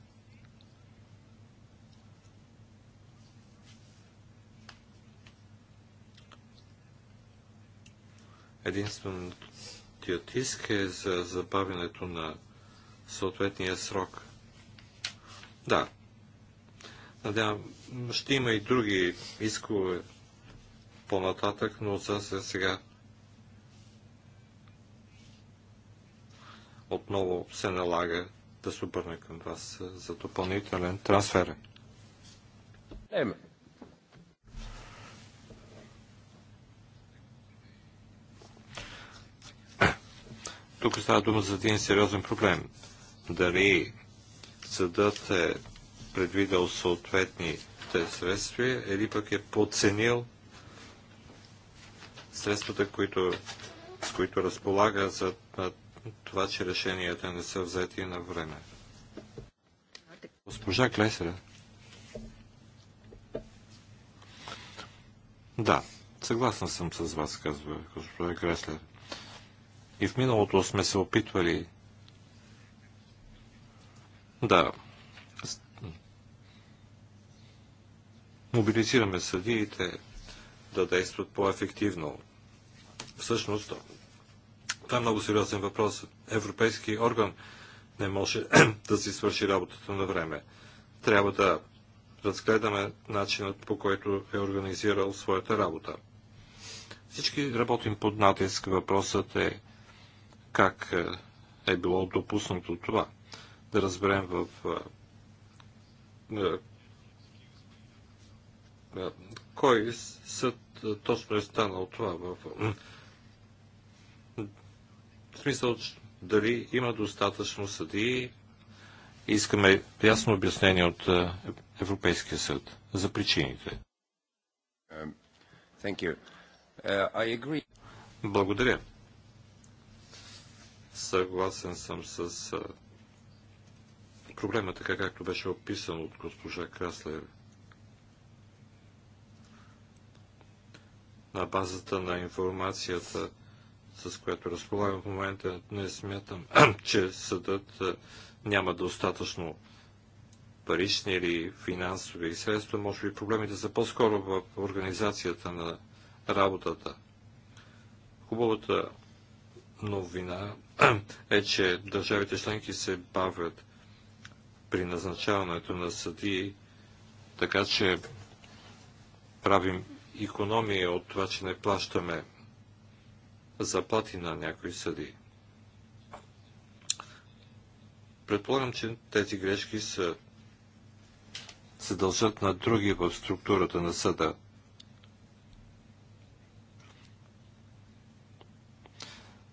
Единственият иск е за забавянето на съответния срок. Да. Надявам, ще има и други искове по-нататък, но за сега отново се налага да се обърне към вас за допълнителен трансфер. Еме. Тук става дума за един сериозен проблем дали съдът е предвидел съответните средства или пък е подценил средствата, които, с които разполага за това, че решенията не са взети на време. Госпожа Клесера. Да, съгласна съм с вас, казва госпожа Креслер. И в миналото сме се опитвали да. Мобилизираме съдиите да действат по-ефективно. Всъщност, това е много сериозен въпрос. Европейски орган не може да си свърши работата на време. Трябва да разгледаме начинът по който е организирал своята работа. Всички работим под натиск. Въпросът е как е било допуснато това да разберем в кой съд точно е станал това в смисъл, дали има достатъчно съдии. Искаме ясно обяснение от Европейския съд за причините. Um, uh, Благодаря. Съгласен съм с проблема, така както беше описан от госпожа Краслер, на базата на информацията, с която разполагам в момента, не смятам, че съдът няма достатъчно парични или финансови средства. Може би проблемите са по-скоро в организацията на работата. Хубавата новина е, че държавите членки се бавят при назначаването на съдии, така че правим економия от това, че не плащаме заплати на някои съдии. Предполагам, че тези грешки са, се дължат на други в структурата на съда.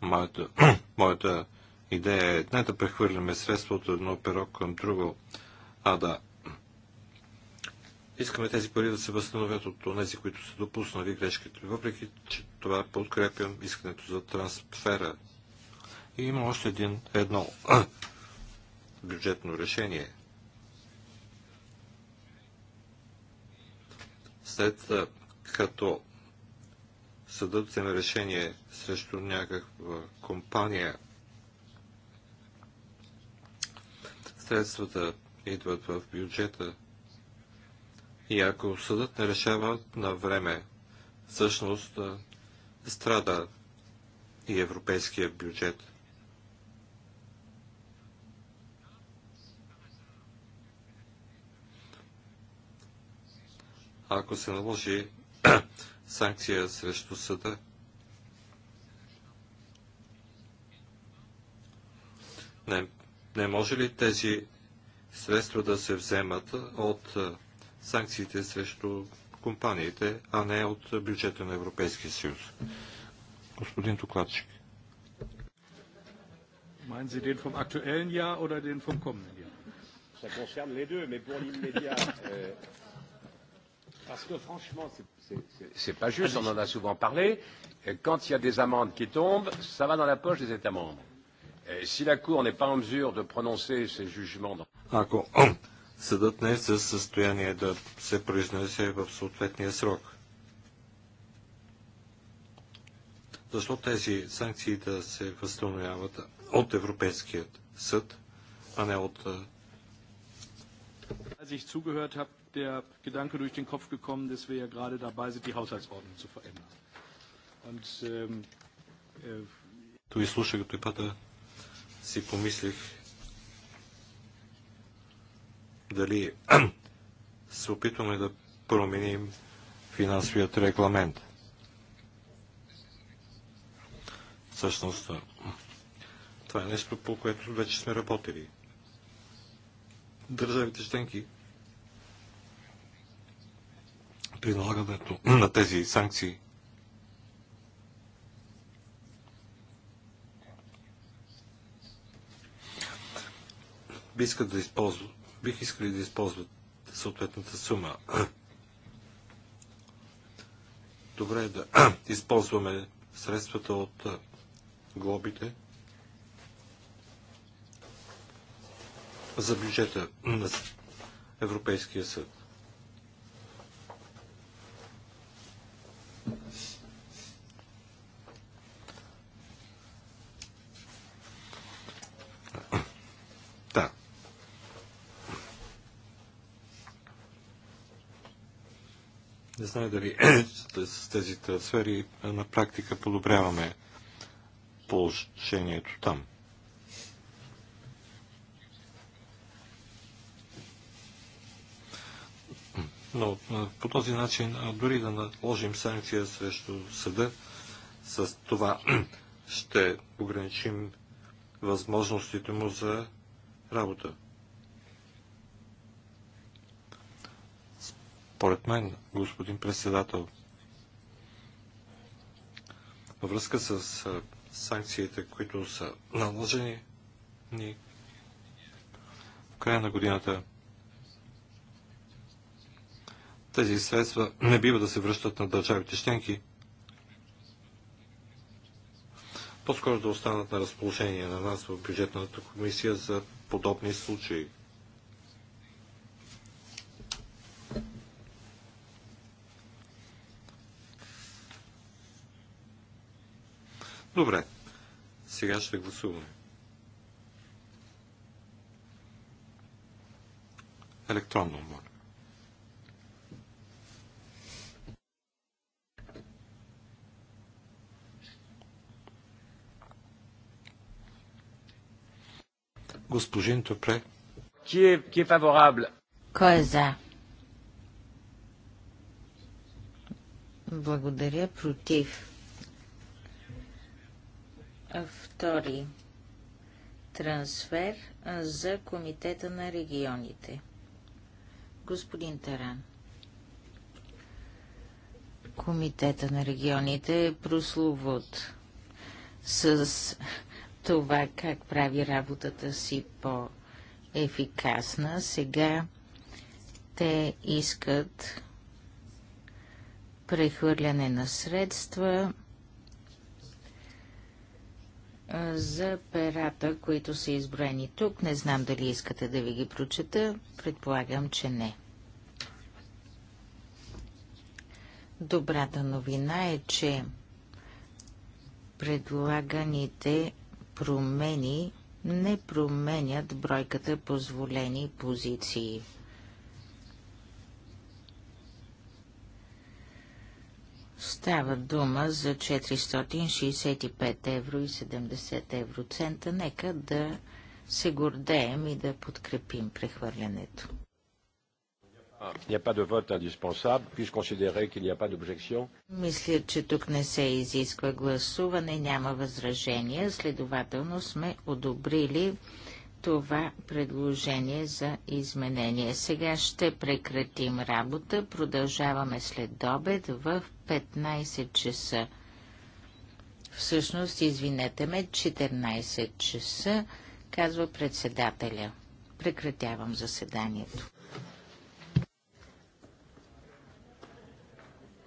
Моята, моята Идея е не да прехвърляме средства от едно перо към друго, а да искаме тези пари да се възстановят от тези, които са допуснали грешките. Въпреки, че това подкрепям искането за трансфера. И има още един, едно бюджетно решение. След като съдът вземе решение срещу някаква компания, средствата идват в бюджета. И ако съдът не решава на време, всъщност страда и европейския бюджет. Ако се наложи санкция срещу съда, не не може ли тези средства да се вземат от санкциите срещу компаниите, а не от бюджета на Европейския съюз? Господин Токладчик. Meinen Sie den vom aktuellen Jahr oder den vom kommenden Jahr? Ça concerne les deux, mais pour l'immédiat, parce que franchement, c'est pas juste, on en a souvent parlé. Quand il y a des amendes qui tombent, ça va dans la poche des États membres si la Cour n'est pas en mesure de prononcer ses jugements... Ако съдът не е в състояние да се произнесе в съответния срок, защо тези санкции да се възстановяват от Европейският съд, а не от... Als ich zugehört habe, der Gedanke durch den Kopf gekommen, dass wir ja gerade dabei sind, die Haushaltsordnung zu verändern. Und, ähm, äh, Той слушах, той пада си помислих дали се опитваме да променим финансовият регламент. Всъщност, това е нещо, по което вече сме работили. Държавите щенки при налагането на тези санкции би искат да използват, бих искали да използват съответната сума. Добре е да използваме средствата от глобите за бюджета на Европейския съд. тези трансфери на практика подобряваме положението там. Но по този начин, дори да наложим санкция срещу съда, с това ще ограничим възможностите му за работа. Според мен, господин председател, връзка с санкциите, които са наложени ни в края на годината. Тези средства не бива да се връщат на държавите членки, по-скоро да останат на разположение на нас в бюджетната комисия за подобни случаи. Добре. Сега ще гласуваме. Електронно, моля. Госпожин Топре. Е, ки е фаворабл? Кой е за? Благодаря. Против втори трансфер за Комитета на регионите. Господин Таран. Комитета на регионите е прословод с това как прави работата си по-ефикасна. Сега те искат прехвърляне на средства за перата, които са изброени тук. Не знам дали искате да ви ги прочета. Предполагам, че не. Добрата новина е, че предлаганите промени не променят бройката позволени позиции. Става дума за 465 евро и 70 евроцента. Нека да се гордеем и да подкрепим прехвърлянето. Мисля, че тук не се изисква гласуване, няма възражения, следователно сме одобрили това предложение за изменение. Сега ще прекратим работа. Продължаваме след обед в 15 часа. Всъщност, извинете ме, 14 часа, казва председателя. Прекратявам заседанието.